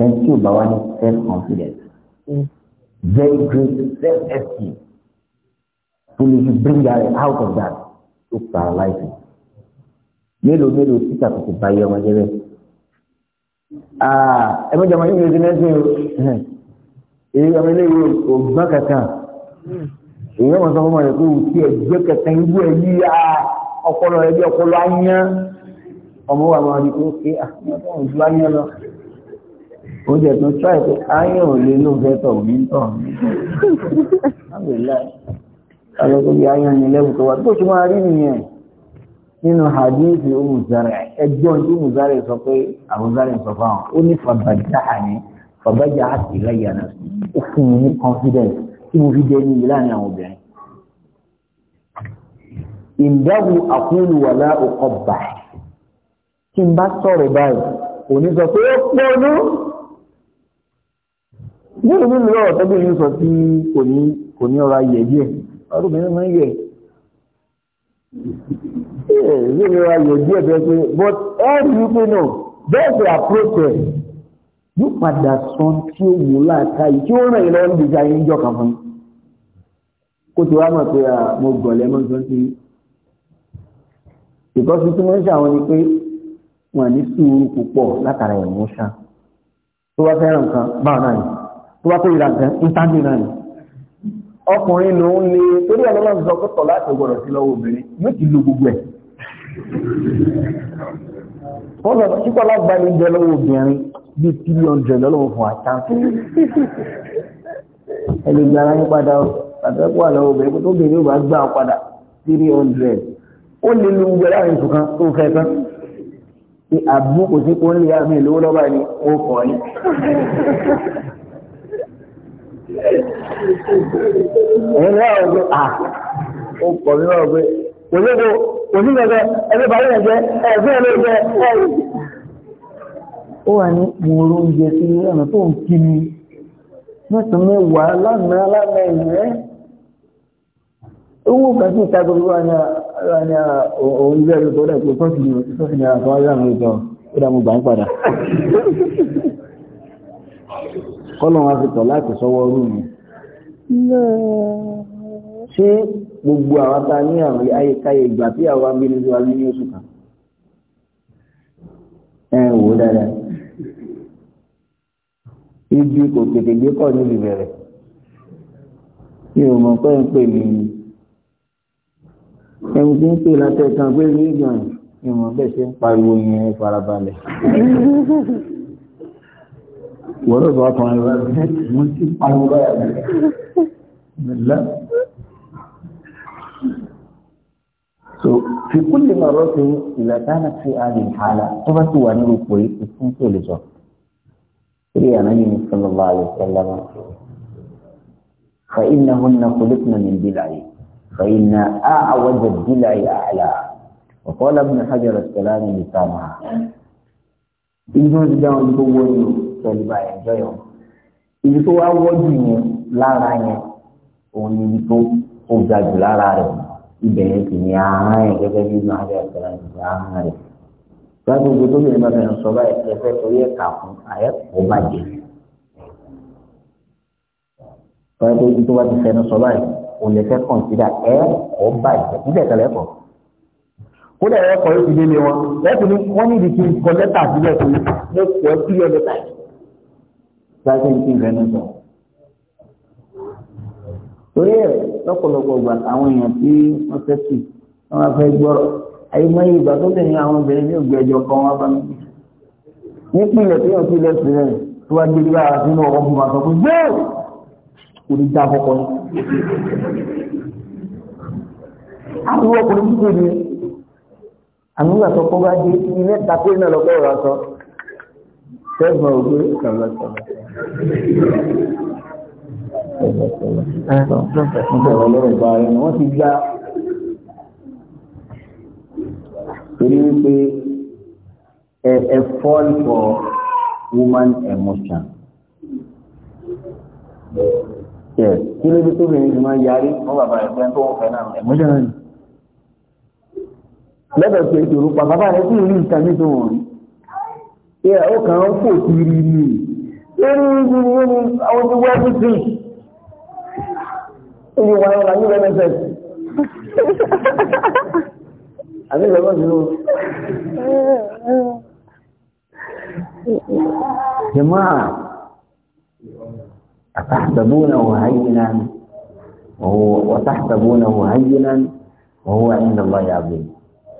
ẹni tí ò bá wá ní self confidence very great self esteem to lè to bring that out of that to paralyze it mélòó mélòó títà kò kò bá yẹ wọn jẹ bẹ́ẹ̀ ẹ mọ́jà máa ń yẹ ẹdínlẹ́sìn o èyí ọmọ ilé ìwé ògbọ́n kankan èyí wọn sọ fún ọmọ rẹ pé òun tí ẹgbẹ́ kẹta ń gbé ẹyí a ọpọlọ rẹ bí ọpọlọ ayán ọmọ wa máa di pé ó ké àwọn ju ayán lọ oúnjẹ tó tíráì pé ayán ò lè ló fẹ́ tọ̀ mí tọ̀ mí alẹ́ tó bí ayán ni lẹ́wù tó wá tó ṣe máa rí nìyẹn nínú hadithi umuzare ẹjọ́ tí umuzare sọ pé àwùzare sọ fún àwọn ó ní fàbàjá àní fàbàjá àti ìlẹ́yìn àná ó fún mi ní confidence tí mo fi dé ní ìlànà àwọn obìnrin. ìdáhù àkúlù wà lá ọkọ̀ bà tí n bá sọ̀rọ̀ báyìí òní sọ pé ó pọ́nú nínú nínú lọ́rọ̀ tọ́jú ní sọ sí kò ní kò ní ọ̀rọ̀ ayẹ̀ díẹ̀ ọdún mìíràn máa ń yẹ ẹ̀ ní ọ̀rọ̀ ayẹ̀ díẹ̀ bẹ́ẹ̀ pé but ẹ rí i pé náà bẹ́ẹ̀ sì àpòròtò ẹ̀ yóò padà san tí ó wò láàká yìí tí ó ràn yín lọ́wọ́ níbi ìjà jọ kàn fún yín kó tó wá mọ̀ pé mo gbọ̀lẹ́ mọ́ nǹkan sí ìkọ́sí tí wọ́n ń ṣàwọn ni pé wọ́n ní sùúrù púpọ̀ látara emotion tó wá fẹ́ràn nǹkan báwọn náà ni tó wá kó ìlà nǹkan ìtàgé náà ni ọkùnrin ló ń lé torí ẹ̀ lọ́wọ́ sọ pé tọ̀ láti gbọ́dọ̀ sí lọ́wọ́ obìnrin yóò ti lo gbogbo ẹ̀ wọ́n lọ sípò alágbàáni jẹ lọ́wọ́ obìnrin bíi tílíọ̀nù jẹ lọ́wọ́ fún àtàkùn ẹ̀ pàtàkì wà lọ́wọ́ bẹ̀rẹ̀ tó bẹ̀rẹ̀ bá gbà padà three hundred ó lè lu gbẹ láàrin ṣùkan tó fẹ́ tán ti àbú kò sí kó ń lè àmì ìlú lọ́ba ni ó kọ́ ni. ẹ̀yin náà wọ́n pé à ah, ó kọ̀ mí wọ́n pé kò ní kò kò ní kẹ̀kẹ́ ẹgbẹ́ bàálù ẹ̀jẹ̀ ẹ̀fẹ́ ẹ̀lẹ́ ẹ̀jẹ̀ ẹ̀. ó wà ní mo ro oúnjẹ sí ọ̀nà tó ń kí mi mẹ́sàn-án mẹ́wàá lánàá lánàá ìrẹ́ owó kan tí ìta gbogbo wà ní òun ilé ẹ̀rọ tó dẹ̀kọ́ sọ́sì ní àwọn aráàlú ìjọ ó dá mú gbà ń padà kọ́lọ̀ wọn fi tọ̀ láti sọ́wọ́ rú mi ṣé gbogbo àwọn ta ní àwọn ayékáyé ìgbà tí àwọn abínú tí wà ní oṣù kan ẹ wò dáadáa ibi kò tètè gbé kọ́ níbi bẹ̀rẹ̀ mi ò mọ̀ pé ń pè mí ẹni tí ń pè látẹ̀kan pé ní ìgbà ìmọ̀ bẹ́ẹ̀ ṣe ń pariwo yẹn farabalẹ̀ wọ́rọ̀ bá kan ẹ̀rọ mú sí pariwo báyà nílẹ̀ so fi kúlè mọ̀rọ̀ sí ìlàtánà sí àrùn ìhàlà tó bá ti wà ní rúpò yìí kí n tó lè sọ sí ànáyé ní sallallahu alaihi wasallam fa innahunna khuliqna min bil'ah فإن أعوج الدلع أعلى وقال ابن حجر السلام لسامها ìdúró ti dáhùn ibi tó wọ ní pẹ̀lú báyìí ẹjọ́ yọ ibi tó wá wọjú yẹn lára yẹn òun ni ibi tó ó ga jù lára rẹ̀ ibẹ̀ yẹn sì ni ahọ́n yẹn gẹ́gẹ́ bí ibùdó àti àgbàlá ti di ahọ́n rẹ̀ gbàgbé gbogbo tó bẹ̀rẹ̀ bàbá yẹn sọ báyìí ẹgbẹ́ torí ẹ̀ka fún àyẹ̀kọ́ bàjẹ́ gbàgbé ibi tó bá ti fẹnu sọ báyìí òun lè fẹ́ kọ̀ǹsídà ẹ̀ kọ́ báyìí níbẹ̀ tẹ̀lé ẹ̀kọ́ kódà ẹ̀ kọ́ yóò fi délé wọn ẹ̀kọ́ ni wọ́n ní ìdí kí n kọ lẹ́tà sílẹ̀ pé mo kọ́ sí ẹ̀ lẹ́tà yìí ṣáṣẹ́ ní kí n fẹ́ ní sọ. torí ẹ̀ lọ́pọ̀lọpọ̀ ìgbà àwọn èèyàn tí wọ́n fẹ́ sùn wọ́n máa fẹ́ gbọ́rọ̀ àyèmọ́yé ìgbà tó tẹ̀lé àwọn obìnrin ní ògbẹ́jọ kan wọ́n bá mi. nípìnlẹ̀ tí wọ́n ti lẹ́sìn rẹ̀ tó wá gbé àwọn ọkùnrin kíkè ni àmì ìgbà tó kọ́ bá dé ilé takó iná lọ́pọ̀ ọ̀rọ̀ sọ tẹ́gbọ̀n ògbé kàlọ́ sọ̀rọ̀ wọ́n ti gbá torí wípé a fall for woman emotion ẹ̀ kí ló dé tó bẹ̀rẹ̀ ìgbìmọ̀ yarí wọ́n bàbá rẹ̀ fẹ́ tó ń fẹ́ náà ẹ̀mọ́jọ́ náà ni. lẹ́bẹ̀ẹ́ pé ìṣòro pa bàbá rẹ̀ sì rí nǹkan ní tòun rí. ẹ ó kàn án fò sí rí ni lórí ibi ni wọ́n ní àwọn ti wá sí sí. ó ní wàá wà ní rẹ́mẹ́sẹ̀t. àbí ìrọ̀lọ́ mi ló. jẹ̀máà. أتحسبونه هينا وهو وتحسبونه هينا وهو عند الله عظيم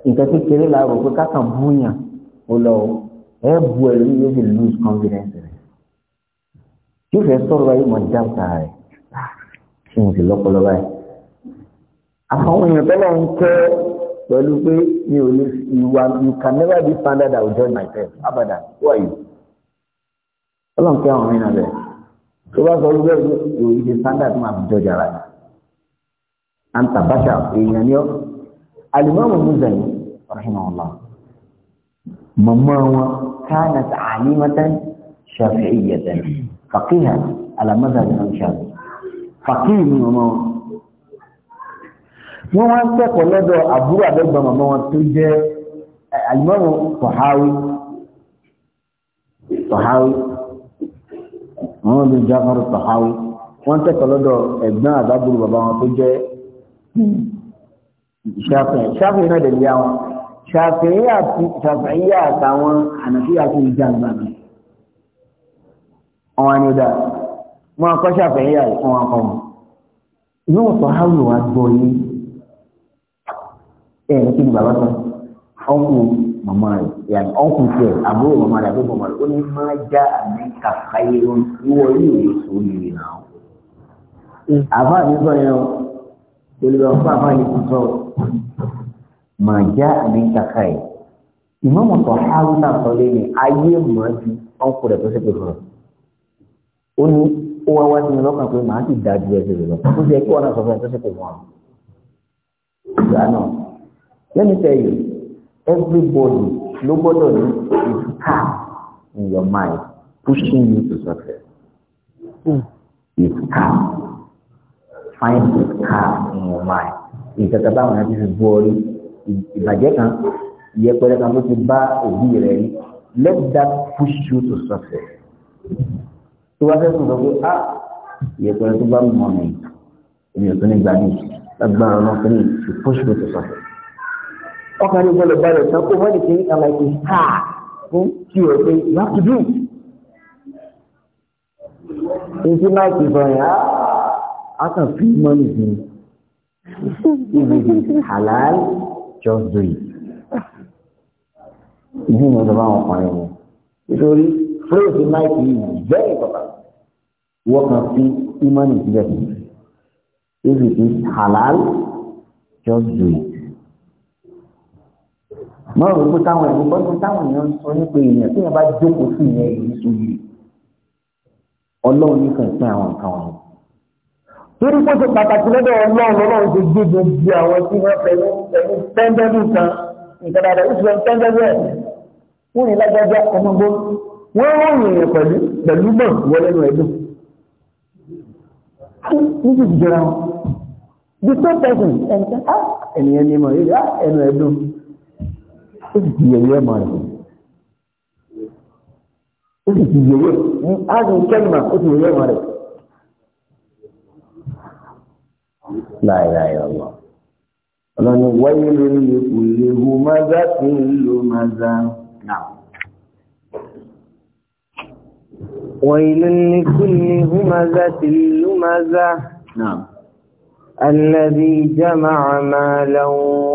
nǹkan kékeré la rò pé kákan búyàn ó lọ ẹ bu ẹlòmíì yóò sì lose confidence rẹ yóò fẹ́ sọ̀rọ̀ ayé mọ jáàpá rẹ ṣé mo sì lọ́pọlọ báyìí. àwọn èèyàn tọ́lọ̀ ń kẹ́ pẹ̀lú pé mi ò lè ìwà you can never be standard I will judge myself abada who are you. ọlọ́run kẹ́ àwọn èèyàn bẹ̀rẹ̀ tó bá sọ lóògbé ìròyìn ṣe standard máa fi jọjà rà á ń tàbáṣà èèyàn ni ọ alimami muzani rahimahullah mama wọn kánà tàlímatan shafi'iyatan faqiha alamada ni wọn ṣàfi faqih ni mama wọn. wọn wá ń kẹ́kọ̀ọ́ lọ́dọ̀ àbúrò àdọgba mama wọn tó jẹ́ eh, alimami tọhawi tọhawi. Muhammad bin Jafar Tahawi wọ́n tẹ̀kọ̀ lọ́dọ̀ ẹ̀gbọ́n àdábùrù bàbá wọn tó jẹ́ ṣàfihàn ṣàfihàn náà dẹ̀lẹ́ àwọn ṣàfihàn àtàwọn ànàfíà tó ń jàǹgbà mi. ọ̀wọ́n ni ó dáa wọ́n akọ́ ṣàfihàn ìfún wọn kọ́ wọn. inú ọ̀tọ̀ háwùlù wa gbọ́ yé ẹ̀ẹ́dẹ́gbẹ̀rún bàbá sọ ọkùnrin. Mama, rẹ̀ yàrá ọ̀nkùn tiẹ̀ àbúrò màmá rẹ̀ àbúrò màmá rẹ̀ ó ní máa já àmì kàkà irun wíwọ yóò yẹ sórí rẹ̀ náà. àbá mi sọ yẹn o olùdó fún àbá yìí ti sọ máa já àmì kàkà yìí ìmọ̀mọ̀ tó hárúta sọ lẹ́yìn ayé màá ju ọ̀nkùn rẹ̀ tó ṣe pé fún ó ní ó wá wá sí mi lọ́kàn pé màá sì dájú ẹsẹ̀ rẹ̀ lọ ó sì yẹ kí wọ́n náà sọ fún ẹ tó ṣe pé fún ìgbà náà let me tell you everybody nobody is hard in your mind pushing you to success mm. is hard? find is calm in your mind ìkàkà báwọn àti fi bu ọrí ìbàjẹ́ kan ìyẹpẹrẹ kan ló ti bá òbí rẹ rí let that push you to success tó wá fẹ́ sùn sọ pé ah ìyẹpẹrẹ tó bá mọ̀ mi èmi ò tún ní gbà ní lágbára ọlọ́pàá ní to push you to success ọkàn ní gbọ́dọ̀ balẹ̀ tán kó wọ́n lè ṣe nǹkan láti ha fún kí o pé you have to do. Èsì máa ti bọ̀ yá, a kàn fi mọ́nì sí i. If it is halal, just do it. Ìdí ìmọ̀ ìjọba àwọn ọkùnrin wọn. Nítorí phrase máa ti very important. Wọ́n kàn fi ìmọ̀nì sílẹ̀. If it is halal, just do it máa wò pé táwọn èèyàn gbọ́dọ̀ táwọn èèyàn ń sọ nípa èèyàn tí wọ́n bá jókòó sí ìyẹn èyí sóyè ọlọ́run nífẹ̀ẹ́ sí àwọn nǹkan wọn. torí pé ó ṣe pàtàkì lọ́dọ̀ ọlọ́run lọ́lọ́run ti gbé gbogbo àwọn tí wọ́n pẹ̀lú pẹ̀lú pẹ́ńdẹ́lù kan nǹkan dáadáa ó sì lọ pẹ́ńdẹ́lù ẹ̀ wọ́n ní lágbájá ọmọ gbó wọ́n rọrùn èèyàn pẹ̀lú pẹ̀lú náà wọlé nù ẹ̀dùn. níbi ìjọra wọn the same person ẹnìkan ẹnìyẹn ni mọ̀ ẹnu ẹ̀dùn ازديايا مالك ازديايا الكلمة لا إله إلا الله ويل لكل همزة لمزة نعم ويل لكل نعم الذي جمع مالا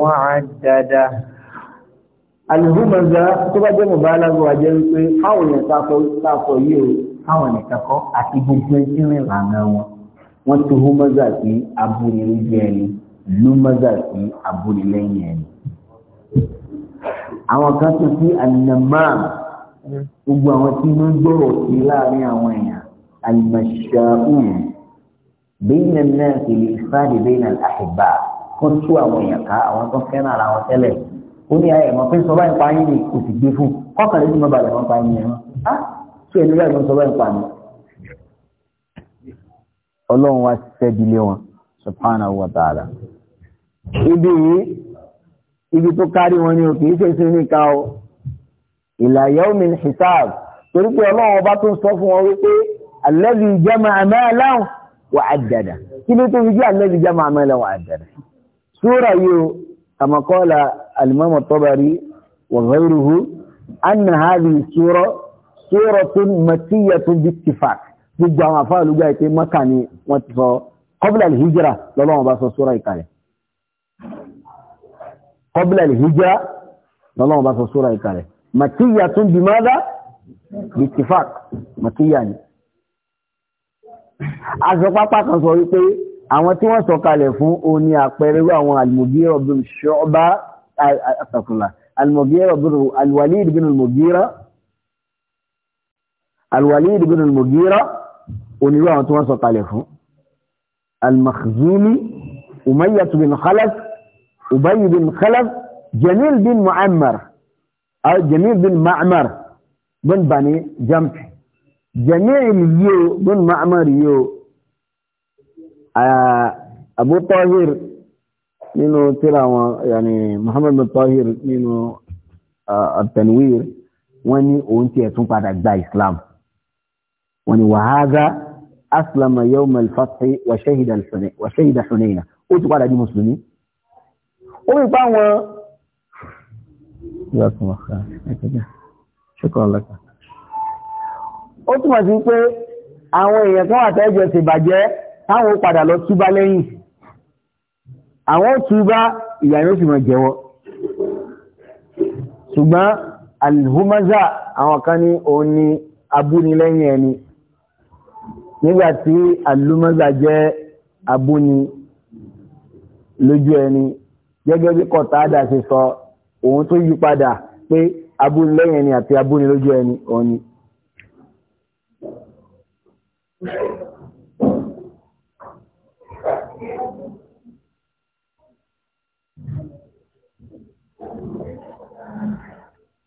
وعدده alìhùmọ̀zá tó bá jẹ́ mọ̀bálágbò àjẹ́ wípé káwọn yẹn sáfọ yìí o káwọn yẹn kakọ́ àti gbogbo ẹni tí ń rìn lànà wọn wọ́n ti hùmọ̀zá sí abúlélójú ẹni lùmọ̀zá sí abúlélẹ́yìn ẹni. àwọn kan tún sí ànàmá gbogbo àwọn tí wọ́n gbọ́rọ̀ sí láàrin àwọn èèyàn àlùmọ̀ṣàkùn bẹ́yìn náà sì lè fàdé bẹ́yìn àlàhìbá kó tú àwọn èèyàn ká àwọn tó fẹ́ràn ara wọn tẹ́lẹ̀ ó ní ayẹyẹ ah, mọ̀ pé sọ báyìí pa yín ni kò sì gbé fún kọ́kànlẹ́ ní mọ́bàlẹ̀ wọn pa yín ẹ̀rọ á tí ẹni bẹ́ẹ̀ ló ń sọ báyìí pa mí. ọlọ́run wá ṣẹ́bi lé wọn subhanahu wa ta'ala. ibi yìí ibi tó kárí wọn ni o kì í ṣe sí níka o ila yawmil hisab torí pé ọlọ́run ọba tó sọ fún wọn wípé alladhi jama'a malan wa addada kí ló tó fi jẹ́ alladhi jama'a malan wa addada. súrà كما قال الإمام الطبري وغيره أن هذه السورة سورة مكية باتفاق بالجامعة فعلوا جايت مكاني قبل الهجرة لله بس سورة يكالي قبل الهجرة لله بس سورة يكالي مكية بماذا باتفاق مكية يعني أصدقاء كان سوري àwọn tí wọ́n sọ̀kalẹ̀ fún òní àpẹẹrẹ àwọn al-Mughira bin Shu'ba àtàkùnlá al-Mughira bin al-Walid bin al-Mughira al-Walid bin al-Mughira òní àwọn tí wọ́n sọ̀kalẹ̀ fún al-Makhzumi bin Khalaf Ubay bin Khalaf Jamil bin Mu'ammar Jamil bin Ma'mar bin Bani Jamh Jamil yìí bin Ma'mar yìí Ah, Abu Tahir nínú tíra wọn yàní Muhammad Tahir nínú ah, At-Tanwir wọ́n ní òun tiẹ̀ tún padà gba Islam wọ́n ní wàhálà aslama yawm al-fath wa shahida Hunayna ó ti padà di mùsùlùmí ó rí pa wọn ó túnmọ̀ sí pé àwọn èèyàn kan àtẹ́jọ ti bàjẹ́ táwọn ó padà lọ túbá lẹ́yìn àwọn ó túbá ìyà yóò sì mọ̀ jẹ́wọ́ ṣùgbọ́n alhumaza àwọn kan ní òun ni abúnilẹ́yìn ẹni nígbàtí alhumaza jẹ́ abúni lójú ẹni gẹ́gẹ́ bí kọ̀tádà ṣe sọ òun tó yí padà pé abúnilẹ́yìn ẹni àti abúni lójú ẹni òun ni.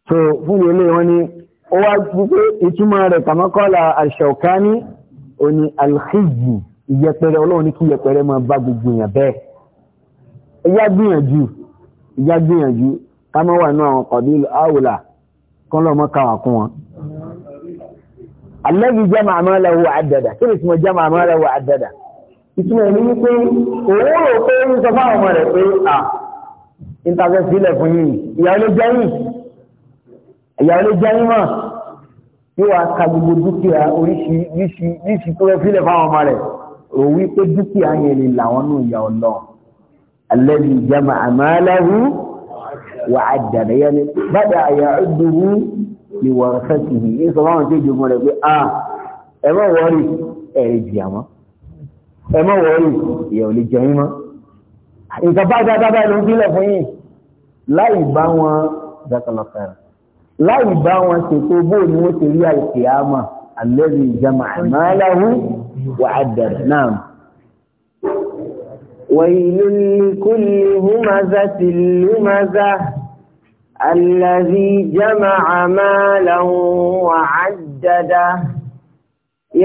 so fún ilé wọn ni ó wá gbogbo ìtumọ̀ rẹ̀ kàmọ́kọ́lá al-Shawkani òní alhiji ìyẹpẹrẹ ọlọ́run ní kí ìyẹpẹrẹ máa bá gbogbo èèyàn bẹ́ẹ̀ ẹjá gbìyànjú ẹjá gbìyànjú ká mọ́ wà ní àwọn qabil awla kán lọ́mọ́ káwà kún wọn alladhi jama'a malahu addada kí ni ìtumọ̀ jama'a malahu addada ìtumọ̀ ẹni wípé òun rò pé ń sọ fáwọn ọmọ rẹ̀ pé à ń tafẹ́ sílẹ̀ fún yìí ìyàwó ló jẹ́ yìí ìyàwó ló jẹ́ mímọ̀ yóò wá ka gbogbo dúkìá oríṣiríṣi tó fẹ́ fílẹ̀ fáwọn ọmọ rẹ̀ òun wípé dúkìá yẹn lè làwọn nù ìyá ọlọ alẹ́bí ìjàmà àmàlẹ́hu wà á dàdà yẹn ni bàdà àyà ọdúnrú ni wọ́n fẹ́ sí i yìí sọ fáwọn tó jogun rẹ̀ pé a ẹ má wọ́ọ̀rì láì bá wọn dákàlọ́ láì bá wọn ṣètò bóò ni wọ́n ti rí àìsí àmà àlẹ́rì ìjàmà àmàláhù wà á dẹ̀rẹ̀ náà. ويل لكل همزة لمزة الذي جمع مالا وعدده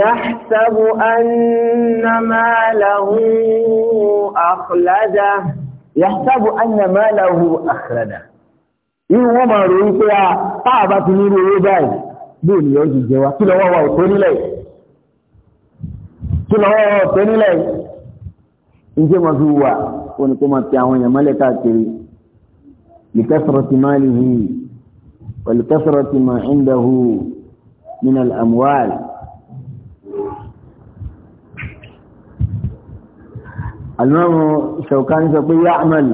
يحسب أن ماله أخلده يحسب أن ماله أخلده irú wọn máa rò wípé ah, a táà bá ti nírú owó báyìí bí ènìyàn ti jẹ wa kí lọ́wọ́ wa òtó nílẹ̀ kí lọ́wọ́ wa òtó nílẹ̀ iṣẹ́ máa fi wà ó ní kó máa ti àwọn èèyàn mọ́lẹ̀ káàkiri likasrati malihi wa likasrati ma indahu min al-amwal al-imam Shawkani sọ pé ya'mal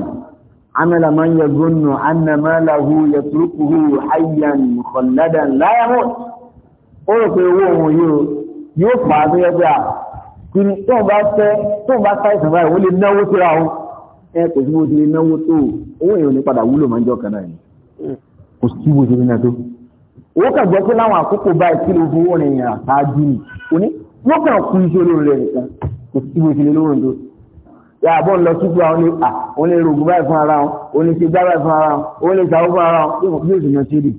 عمل من يظن أن ماله يتركه حيا مخلدا لا يموت ó rò pé owó òun yóò yóò fà á tó yẹ pé à kí ni tóun bá fẹ́ tóun bá sáìsàn báyìí wọ́n lè náwó síra o ẹ kò sí bó ti lè náwó tó owó èèyàn ní padà wúlò máa ń jọ kan náà ni kò sí bó ti lè náà tó owó kàn jẹ́ pé láwọn àkókò báyìí kí ló fowó rìn ìrìn àṣáájú ni wọ́n kàn kú iṣẹ́ rẹ̀ nìkan kò sí bó ti lè lóhùn tó pé àbọ̀ ń lọ sípò àwọn ní à ó lè rògùn báyìí fún ara wọn ó lè ṣe gbá báyìí fún ara wọn ó lè ṣàwọ́ fún ara wọn bí òṣù náà ṣe rí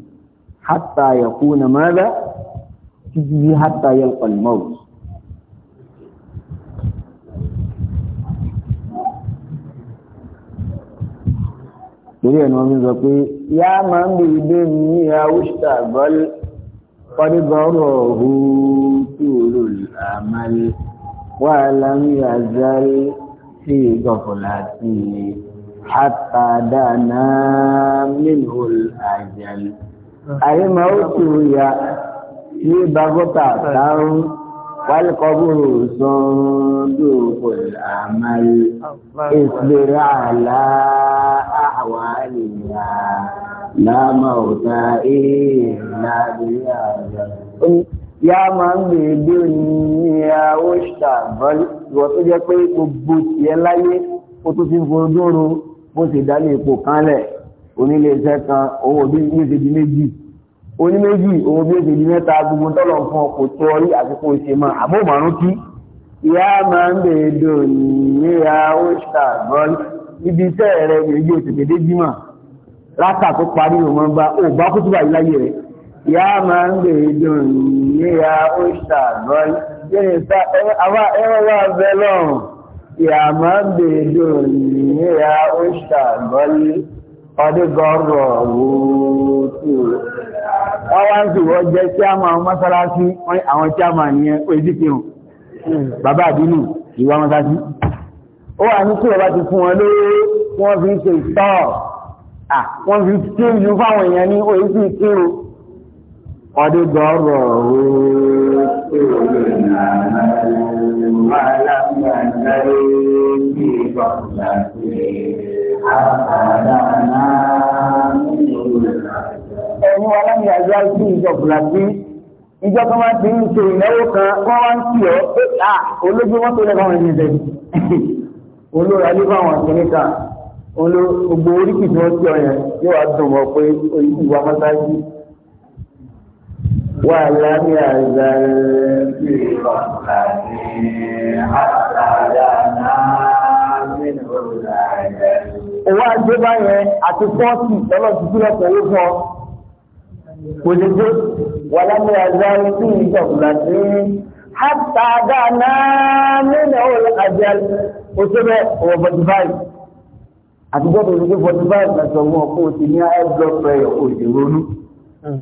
hátà yẹ̀kú nà mọ́ra títí bí hátà yẹ̀ pàlùmọ́ọ̀t. torí ẹ̀ ni wọ́n pé yá máa ń bèèrè bẹ́ẹ̀ ní àwùjọ àgbọ́lé kọ́dígbọ́rọ̀ òhun tí òrò àmàlẹ́ wàhálà ń yà záré. في غفلة حتى دنا منه الأجل أي موت يا في بغتة والقبر صندوق الأمل اصبر على أحوالها لا موت إلا بهذا yá máa ń lè dé ní àwọn ṣàbọ̀lì ìwọ tó jẹ́ pé gbogbo tiẹ̀ láyé ó tún ti ń fojúro bó ṣe dálé epo kanlẹ̀ onílé iṣẹ́ kan owó bí ó ṣe di méjì oní méjì owó bí ó ṣe di mẹ́ta gbogbo tọ́lọ̀ fún ọkọ̀ tó ọrí àti kó ṣe mọ́ àbó márùn kí yá máa ń lè dé ní àwọn ṣàbọ̀lì ibi iṣẹ́ rẹ̀ méjì ò tètè dé jímọ̀ látà tó parí òun bá ò bá kútùbà yìí láyé rẹ̀ ya man da idun ni ya usha gol jini sa e, awa ewa belon ya man da idun ni ya usha gol ọdí gọ́ọ̀rọ̀ wòótù wọ́n wá ń sì wọ́n jẹ́ kí a máa mọ́sálásí àwọn tí a máa nìyẹn ojú kí hùn bàbá àdínú ìwà mọ́sálásí ó wà ní kí ọba ti fún wọn lórí wọ́n fi ń ṣe ìtọ́ قد ضره رسولنا ولم نزل في فضلته أخذنا Ẹ̀mú wa lámì àjọ àìsí ìjọba bí ìjọ kan máa ti ń ṣe ìnáwó kan wọ́n wá ń tì ọ́ pé à olójú wọn tó lẹ́kọ̀ọ́ ẹni jẹ. Olóòrò alé fáwọn ọ̀sẹ̀ kan, gbogbo oríkì tí wọ́n tì ọ yẹn yóò wá dùn mọ́ pé ìwà mọ́sáájú. ولم يزل في غفلتي حتى جانا منه الأجل owó ajé báyẹn àti fọ́ọ̀tì lọ́lọ́ ti sílẹ̀ pẹ̀lú fún ọ. kò lè dé wà lámì àjá sí ìjọba sí hàtà dáná nínú ọ̀rọ̀ àjá òṣèlú ọ̀rọ̀ forty five àti gbọ́dọ̀ ìdíje forty five náà sọ fún ọ kó ní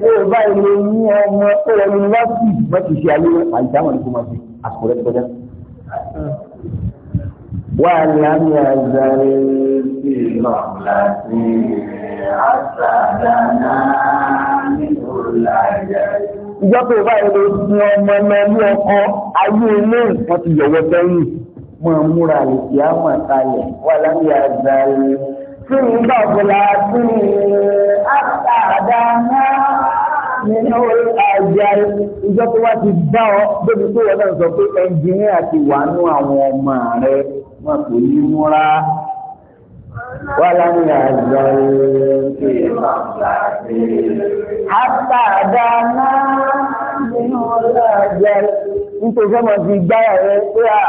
pé o bá ilé ní ọmọ tó wọ yunifásitì wọ́n ti ṣe ayé àìdáwọn ní kó máa fi àkùrẹ́ kọjá. wà á ní àmì àzàrí sí lọ́la sí àṣàdáná nígbòlá ìyá. ìjọ tó bá ilé ní ọmọ náà ọkọ ayé ilé wọ́n ti yọ̀wọ́ sẹ́yìn máa múra àlè kí á máa kalẹ̀ wà á ní àzàrí sí nígbà wo la ti àtàdá náà nínú àjà ìjọ tó wá ti dá ọ débi tó wọ́n náà sọ pé ẹnjìníà ti wà nú àwọn ọmọ rẹ wọn kò ní múra wà láyé àjà rẹ. àtàdá náà nínú àjà nítorí ọmọ ti gbára rẹ pé à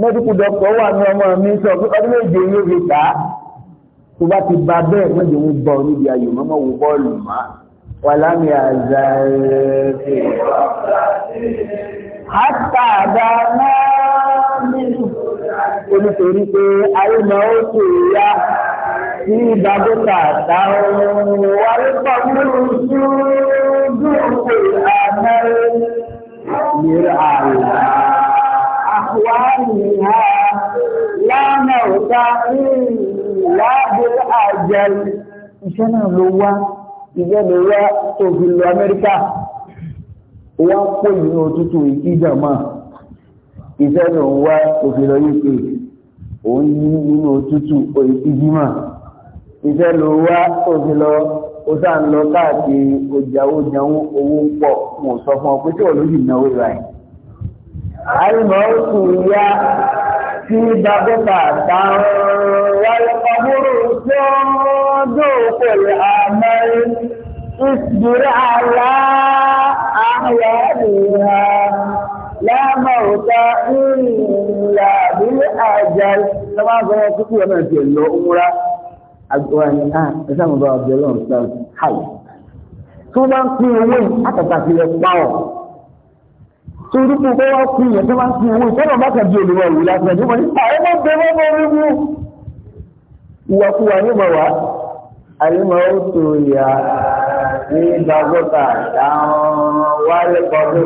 mẹ́tíkù dọ́kítọ̀ wà ní ọmọ mi sọ pé ọdún méje yóò fi kà á tó bá ti ba bẹ́ẹ̀ mọ́jọ ń bọ̀ níbi ayò mọ́mọ́ wo bọ́ọ̀lù má wà lámì àzà ẹ̀ẹ́dẹ̀ àtàdá náà nínú onítorí pé ayé máa ó tó yá sí ìdádọ́ta àtàwọn wà nípa múlù dúró àmẹ́rẹ́ ìlera àrùn àwa nìyà lánàá òkà nínú láàbùrù àjẹl iṣẹ́ náà ló wá iṣẹ́ ló wá tó fi Amẹ́ríkà wọ́n pè ní òtútù ìkíjàmá iṣẹ́ ló wá tó fi UK òun yí nínú òtútù ìkíjímà iṣẹ́ ló wá tó fi lọ ó ń lọ káàkiri ọjà ọjà owó ń pọ̀ mo sọ fún ọ pé tí wọ́n náwó ra ẹ̀. àìmọ̀ ó sì yá tí bàbá bàtà ń والقبر صندوق الأمل اصبر على أحيانها لا موت إلا بالأجل كما قال كتير من في الأمورة أقواني آه إسلام الله عبد الله أستاذ حي tó bá ń pín owó yìí àtàtàkì rẹ̀ pa ọ̀ tó dúpọ̀ bá wá pín yẹn tó bá ń pín owó yìí tó bá ìwàkúwà ní bàwà àlímọ̀ ó tó ìyà ní ìgbàgbọ́ta àwọn wálé pọ̀lú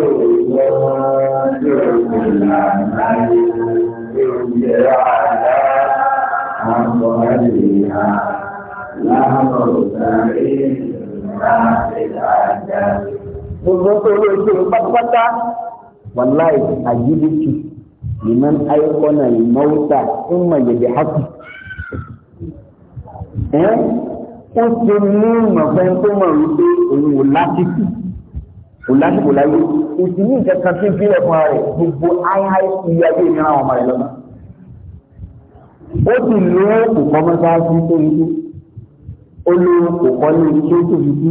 Gbogbo tó ló ṣe pátápátá, wàláì àjíbìtì, lè máa ń ayọ́kọ́ náà ìmọ̀wúta, ń mọ̀ yẹ̀dẹ̀ hákùn ó ti ní ìmọ̀fẹ́ tó mọ̀ wípé òun ò lásìkò kò lásìkò láyé kò sì ní nǹkan kan tí ń fílẹ̀ fún ara rẹ̀ gbogbo áyáyé iye ayé ìran àwọn ọmọ rẹ̀ lọ́nà. ó sì lo òkò mọ́sáàsì tó ń kú ó lo òkò ní iṣẹ́ tó ń kú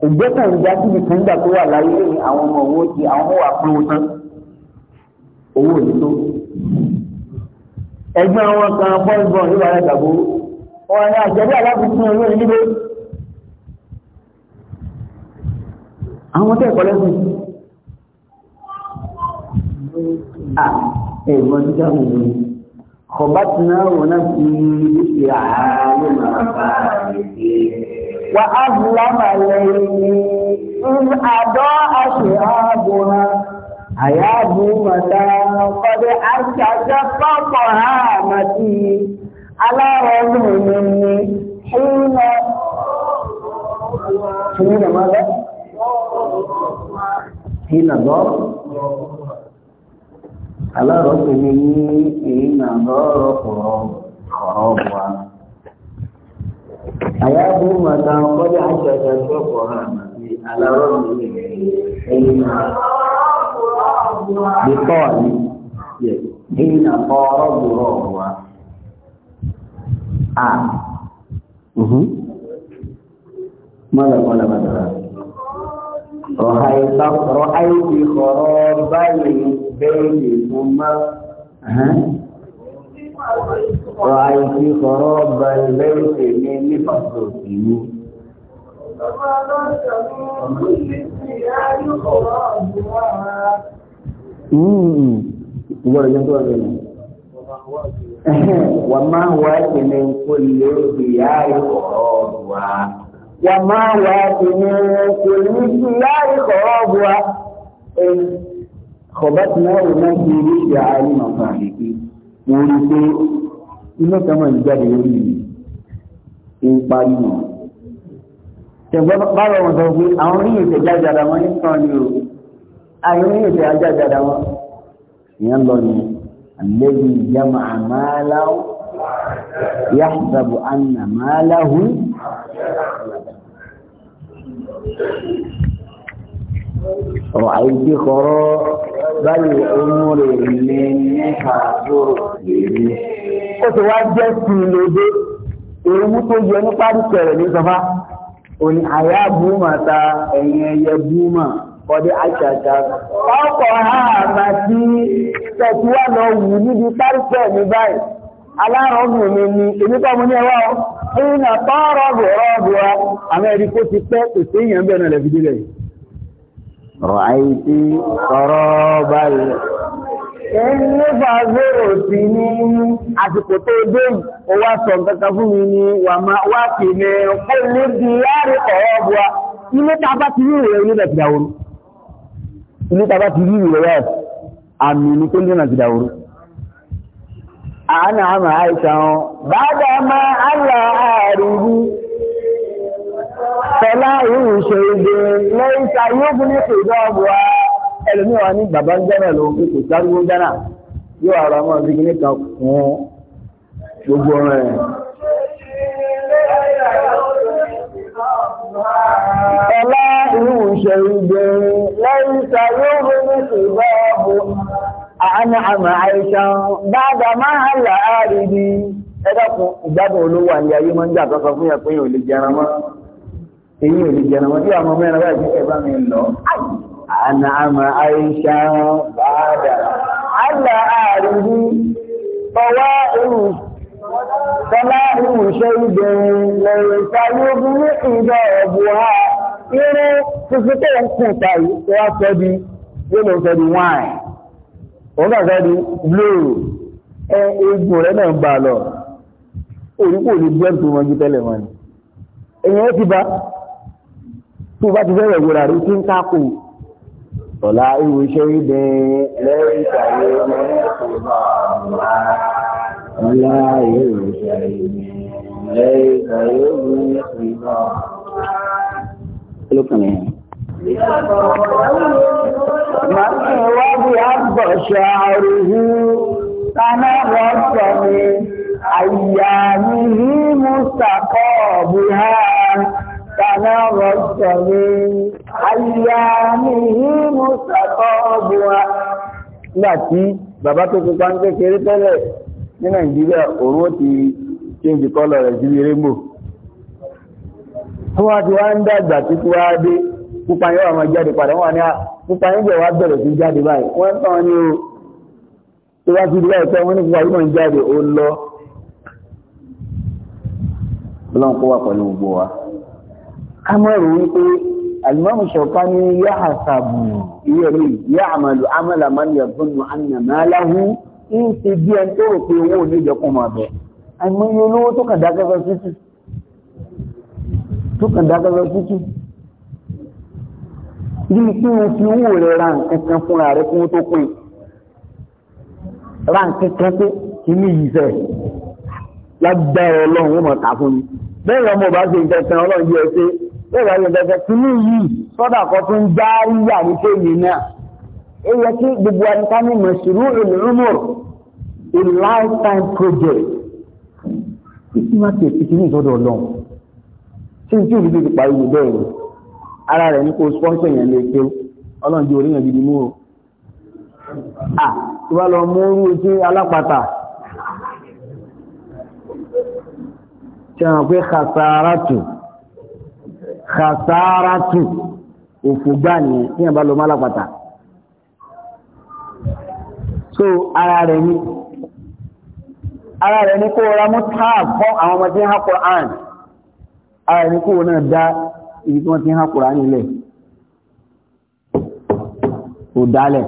kò gbé kànga síbi kànga tó wà láyé lẹ́yìn àwọn ọmọ owó ti àwọn ọmọ wà fún wọn tán owó òní tó. ẹgbẹ́ àwọn kan bọ́ọ̀lù bọ́ọ̀lù wà ọ̀rọ̀ ni àjẹ́bí alábùkún olórin nílé àwọn tẹ́ ẹ̀kọ́ lẹ́sìn ẹ̀gbọ́n tí káàkiri ní ọba tí náà wọ́n náà fi ṣe ààrẹ máa bú lámàlẹ̀ ní àdọ́ àṣẹ ààbòrán àmàtí alára ọdún mi ni ṣílọ ṣílọ máa lọ ṣílọ lọ alára ọdún mi ni ìrìnà lọ́rọ̀ kọ̀rọ̀ ọ̀bùwa àyábú màtà ọkọ́jà àṣẹṣẹ tó kọ̀rọ̀ àmàbí alára ọdún mi ni ìrìnà lọ́rọ̀ ọ̀bùwa A. ماذا قال مثلا رأيت رأيت خراب البيت ثم رأيت خراب البيت من فصلته امم ولا جنتوا wọ́n máa wá kíni kó lè bìyà ìkọ̀rọ̀ bùa. wọ́n máa wá kíni kó lè bìyà ìkọ̀rọ̀ bùa. kọ̀bátì náà wò náà ti rí ìyá ayé náà fún àdéhùn. mo rí i pé inú kan máa ń jáde lórí mi. ń parí mọ́. ṣùgbọ́n báwo wọn sọ pé àwọn oníyìn tẹ̀ jáde àdàmọ́ ní sàn ni o. àwọn oníyìn tẹ̀ jáde àdàmọ́. ìyẹn lọ nìyẹn. الذي جمع ماله يحسب أن ماله رأيت خرا بل أمور من حاضر وتوجه في لدي èròmú tó yẹ ní pàdùkẹ̀rẹ̀ ní sọfá òní àyà búmà ta ẹ̀yìn Bọ̀dé àṣàṣà. Ọkọ̀ àmà tí tẹ̀síwá lọ wù níbi párípẹ̀ mi báyìí. Alárọ̀gùn mi ni èmi kọ́ ní ẹwà ọ́. Ìrìnà tọ́rọ̀ wa. Àwọn ẹ̀rí kó ti pẹ́ kò sí èèyàn bẹ̀rẹ̀ rẹ̀ fi délẹ̀. Rọ̀áìtì sọ̀rọ̀ Ilé ta bá ti rí ìrẹ̀ onílẹ̀ ti ilé tàbá ti rí ìrẹ̀ àmì ní tó lè nàìjíríà orú àánà àmà àìsà wọn bàbá ma àlà àrùrú tọ́lá ìrù ṣe ìdè lẹ́yìn ta yóò fún ní ìdọ́ ọgbọ̀ ẹlòmíwà ní bàbá ń jẹ́rẹ̀ lòun pé sáré ó dáná yóò àrọ̀ ọmọ ìgbìyànjú kan fún gbogbo rẹ̀ Ọlá inú ìṣẹ̀ ìgbẹ̀ lẹ́yìn ta yóò rí ní ṣùgbọ́ ọ̀bọ̀ àánà àmà àìṣàn bàbá máa ń là áàrìbí. Ẹ dákun ìgbádùn olówó àlẹ́ ayé máa ń jà sọ́sọ́ fún yẹn pé yóò lè Ọwá inú فلا هم شيء ليس يغني حجابها irun tuntun tó ń kún ta yìí tó wá sọ di yóò lọ di wine òun náà sọ di blue ẹ egbò rẹ náà ń bà lọ òun kò ní blend tó mọ ju tẹ́lẹ̀ wọn ni èyàn ó ti bá tó bá ti fẹ́rẹ̀ wúra rí tí ń kákò ọ̀la ìwé iṣẹ́ ìdẹ́ lẹ́yìn ìṣàyẹ̀ lẹ́yìn ìṣòro náà ولا يغشي ليس يغني خبرا من وضع بشعره تنغص من أيامه مستقابها تنغص من أيامه مستقابها. Nígbà tí bàbá tó kópa ń kékeré tẹ́lẹ̀ ní nàìjíríà òun ó ti change color rẹ̀ sí rainbow tó wá ti wá ń dàgbà títí wá dé pupa yẹn wà máa jáde padà wọ́n wà ní ah, pupa wá bẹ̀rẹ̀ sí jáde báyìí wọ́n tán ní o tó wá sí ilé ẹ̀kọ́ wọn ní pupa yìí ń jáde ó lọ ọlọ́run wà pẹ̀lú gbogbo wa ká mọ̀ rò wípé alimami ṣọ̀ká ní yáhà sàbù ìyẹ̀rì yáhà màlù amàlà màlù yàgbọ́nù ànàmàláhù ń ṣe bí ẹni tó rò pé owó ò ní ìjọkùn máa bẹ̀ àìmọye olówó tó kàn dákẹ́fẹ́ títì tó kàn dákẹ́fẹ́ títì bí kí wọ́n fi owó rẹ̀ ra nǹkan kan fúnra rẹ̀ kí wọ́n tó pín ra nǹkan kan pé kì ní yìí fẹ́ lágbára ọlọ́run ó mọ̀ ká fún mi bẹ́ẹ̀ lọ́mọ bá ṣe nǹkan kan ọlọ́run yẹ ṣe bẹ́ẹ̀ bá ṣe nǹkan kan kì ní yìí sọ́dà kan tó ń járíyà ní kéyìí náà ó yẹ kí gbogbo àníká ní mẹ̀sùrú ìlúmọ̀ a lifetime project ìtumọ̀ tí èsì kìíní ìtọ́dọ̀ ọlọ́run tí n tí òbí bí parí ìwé bẹ́ẹ̀ ni ara rẹ̀ ní kó sponsor yẹn lè ké ọlọ́run di oríyàn gidi mú o à tí wàá lọ mú orú tí alápàtà tí wọn pé khasaratu khasaratu òfò gbà tí wọn bá lọ mú alápàtà so ara rẹ̀ ni ara rẹ̀ ni kó ra mú táàb fún àwọn ọmọ tí ń ha Qur'an ara rẹ̀ ni kó náà dá ibi tí wọ́n ti ń ha Qur'an nílẹ̀ kò dálẹ̀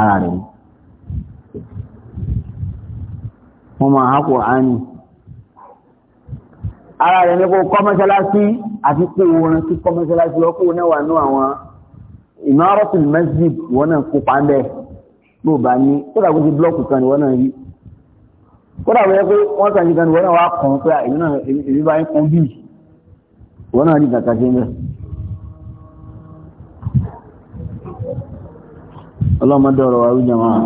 ara rẹ̀ ni wọ́n máa ha Qur'an ara rẹ̀ ní kó kọ́ àti kó orin sí kọ́ mọ́ṣáláṣí lọ́kọ́ náà wà ní àwọn ìmọ̀ràn wọ́n náà kópa ń ló bá ní kódà kó ti blọ́ọ̀kù kan ìwọ náà rí kódà wọ́n yẹ pé wọ́n kàn yí kan ìwọ náà wá kàn pé ah, èmi náà èmi bá ń kan bí ìwọ náà rí kàkà ṣe ń bẹ̀. ọlọ́mọdé ọ̀rọ̀ wa rújà máa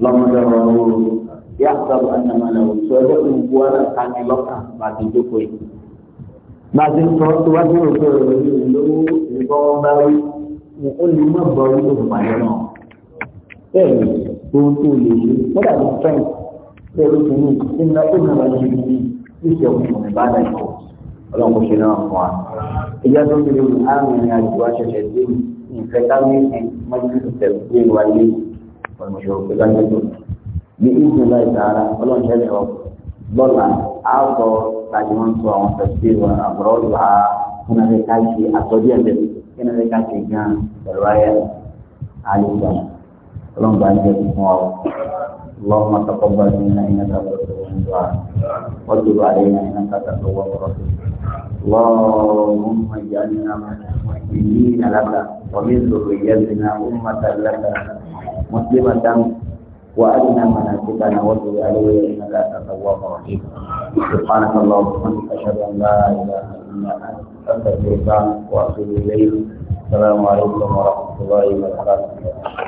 ọlọ́mọdé ọ̀rọ̀ wa rú yá sábà ń nàmà náà sọ ẹgbẹ́ tó ń bu ara ká ní lọ́kàn bá ti jókòó yìí bá ti sọ tó wá sí òkè òkè òkè òkè òkè òkè òkè òkè òkè òkè òkè òkè bẹ́ẹ̀ ni ohun tó lè ṣe kódà ní fẹ́ǹ tó ló ti ní ìsinmi tó nà wáyé ní ìṣẹ́ òkùnkùn ní bàdà ìkọ̀ ọlọ́run ṣe náà fún wa. ìjà tó ti lè ní àrùn ìrìn àjò wa ṣẹ̀ṣẹ̀ dé ìfẹ́ táwíìsì mọ́jú tẹ̀lé wáyé ọ̀nàṣọ́ pẹ̀lú àjọyọ̀. ní ìsìn láì sàárà ọlọ́run ṣẹlẹ̀ ọ lọ́la àbọ̀ tàbí wọ́n sọ àwọn fẹ̀sí wọn àbúrò ọ̀la Tolong bantu semua. اللهم تقبل منا انك انت الدعاء وتب علينا انك انت التواب الرحيم اللهم اجعلنا مؤمنين لك ومن ذريتنا امه لك مسلمه وارنا مناسكنا وتب علينا انك انت التواب الرحيم سبحانك اللهم وبحمدك اشهد ان لا اله الا انت استغفرك واتوب اليك السلام عليكم ورحمه الله وبركاته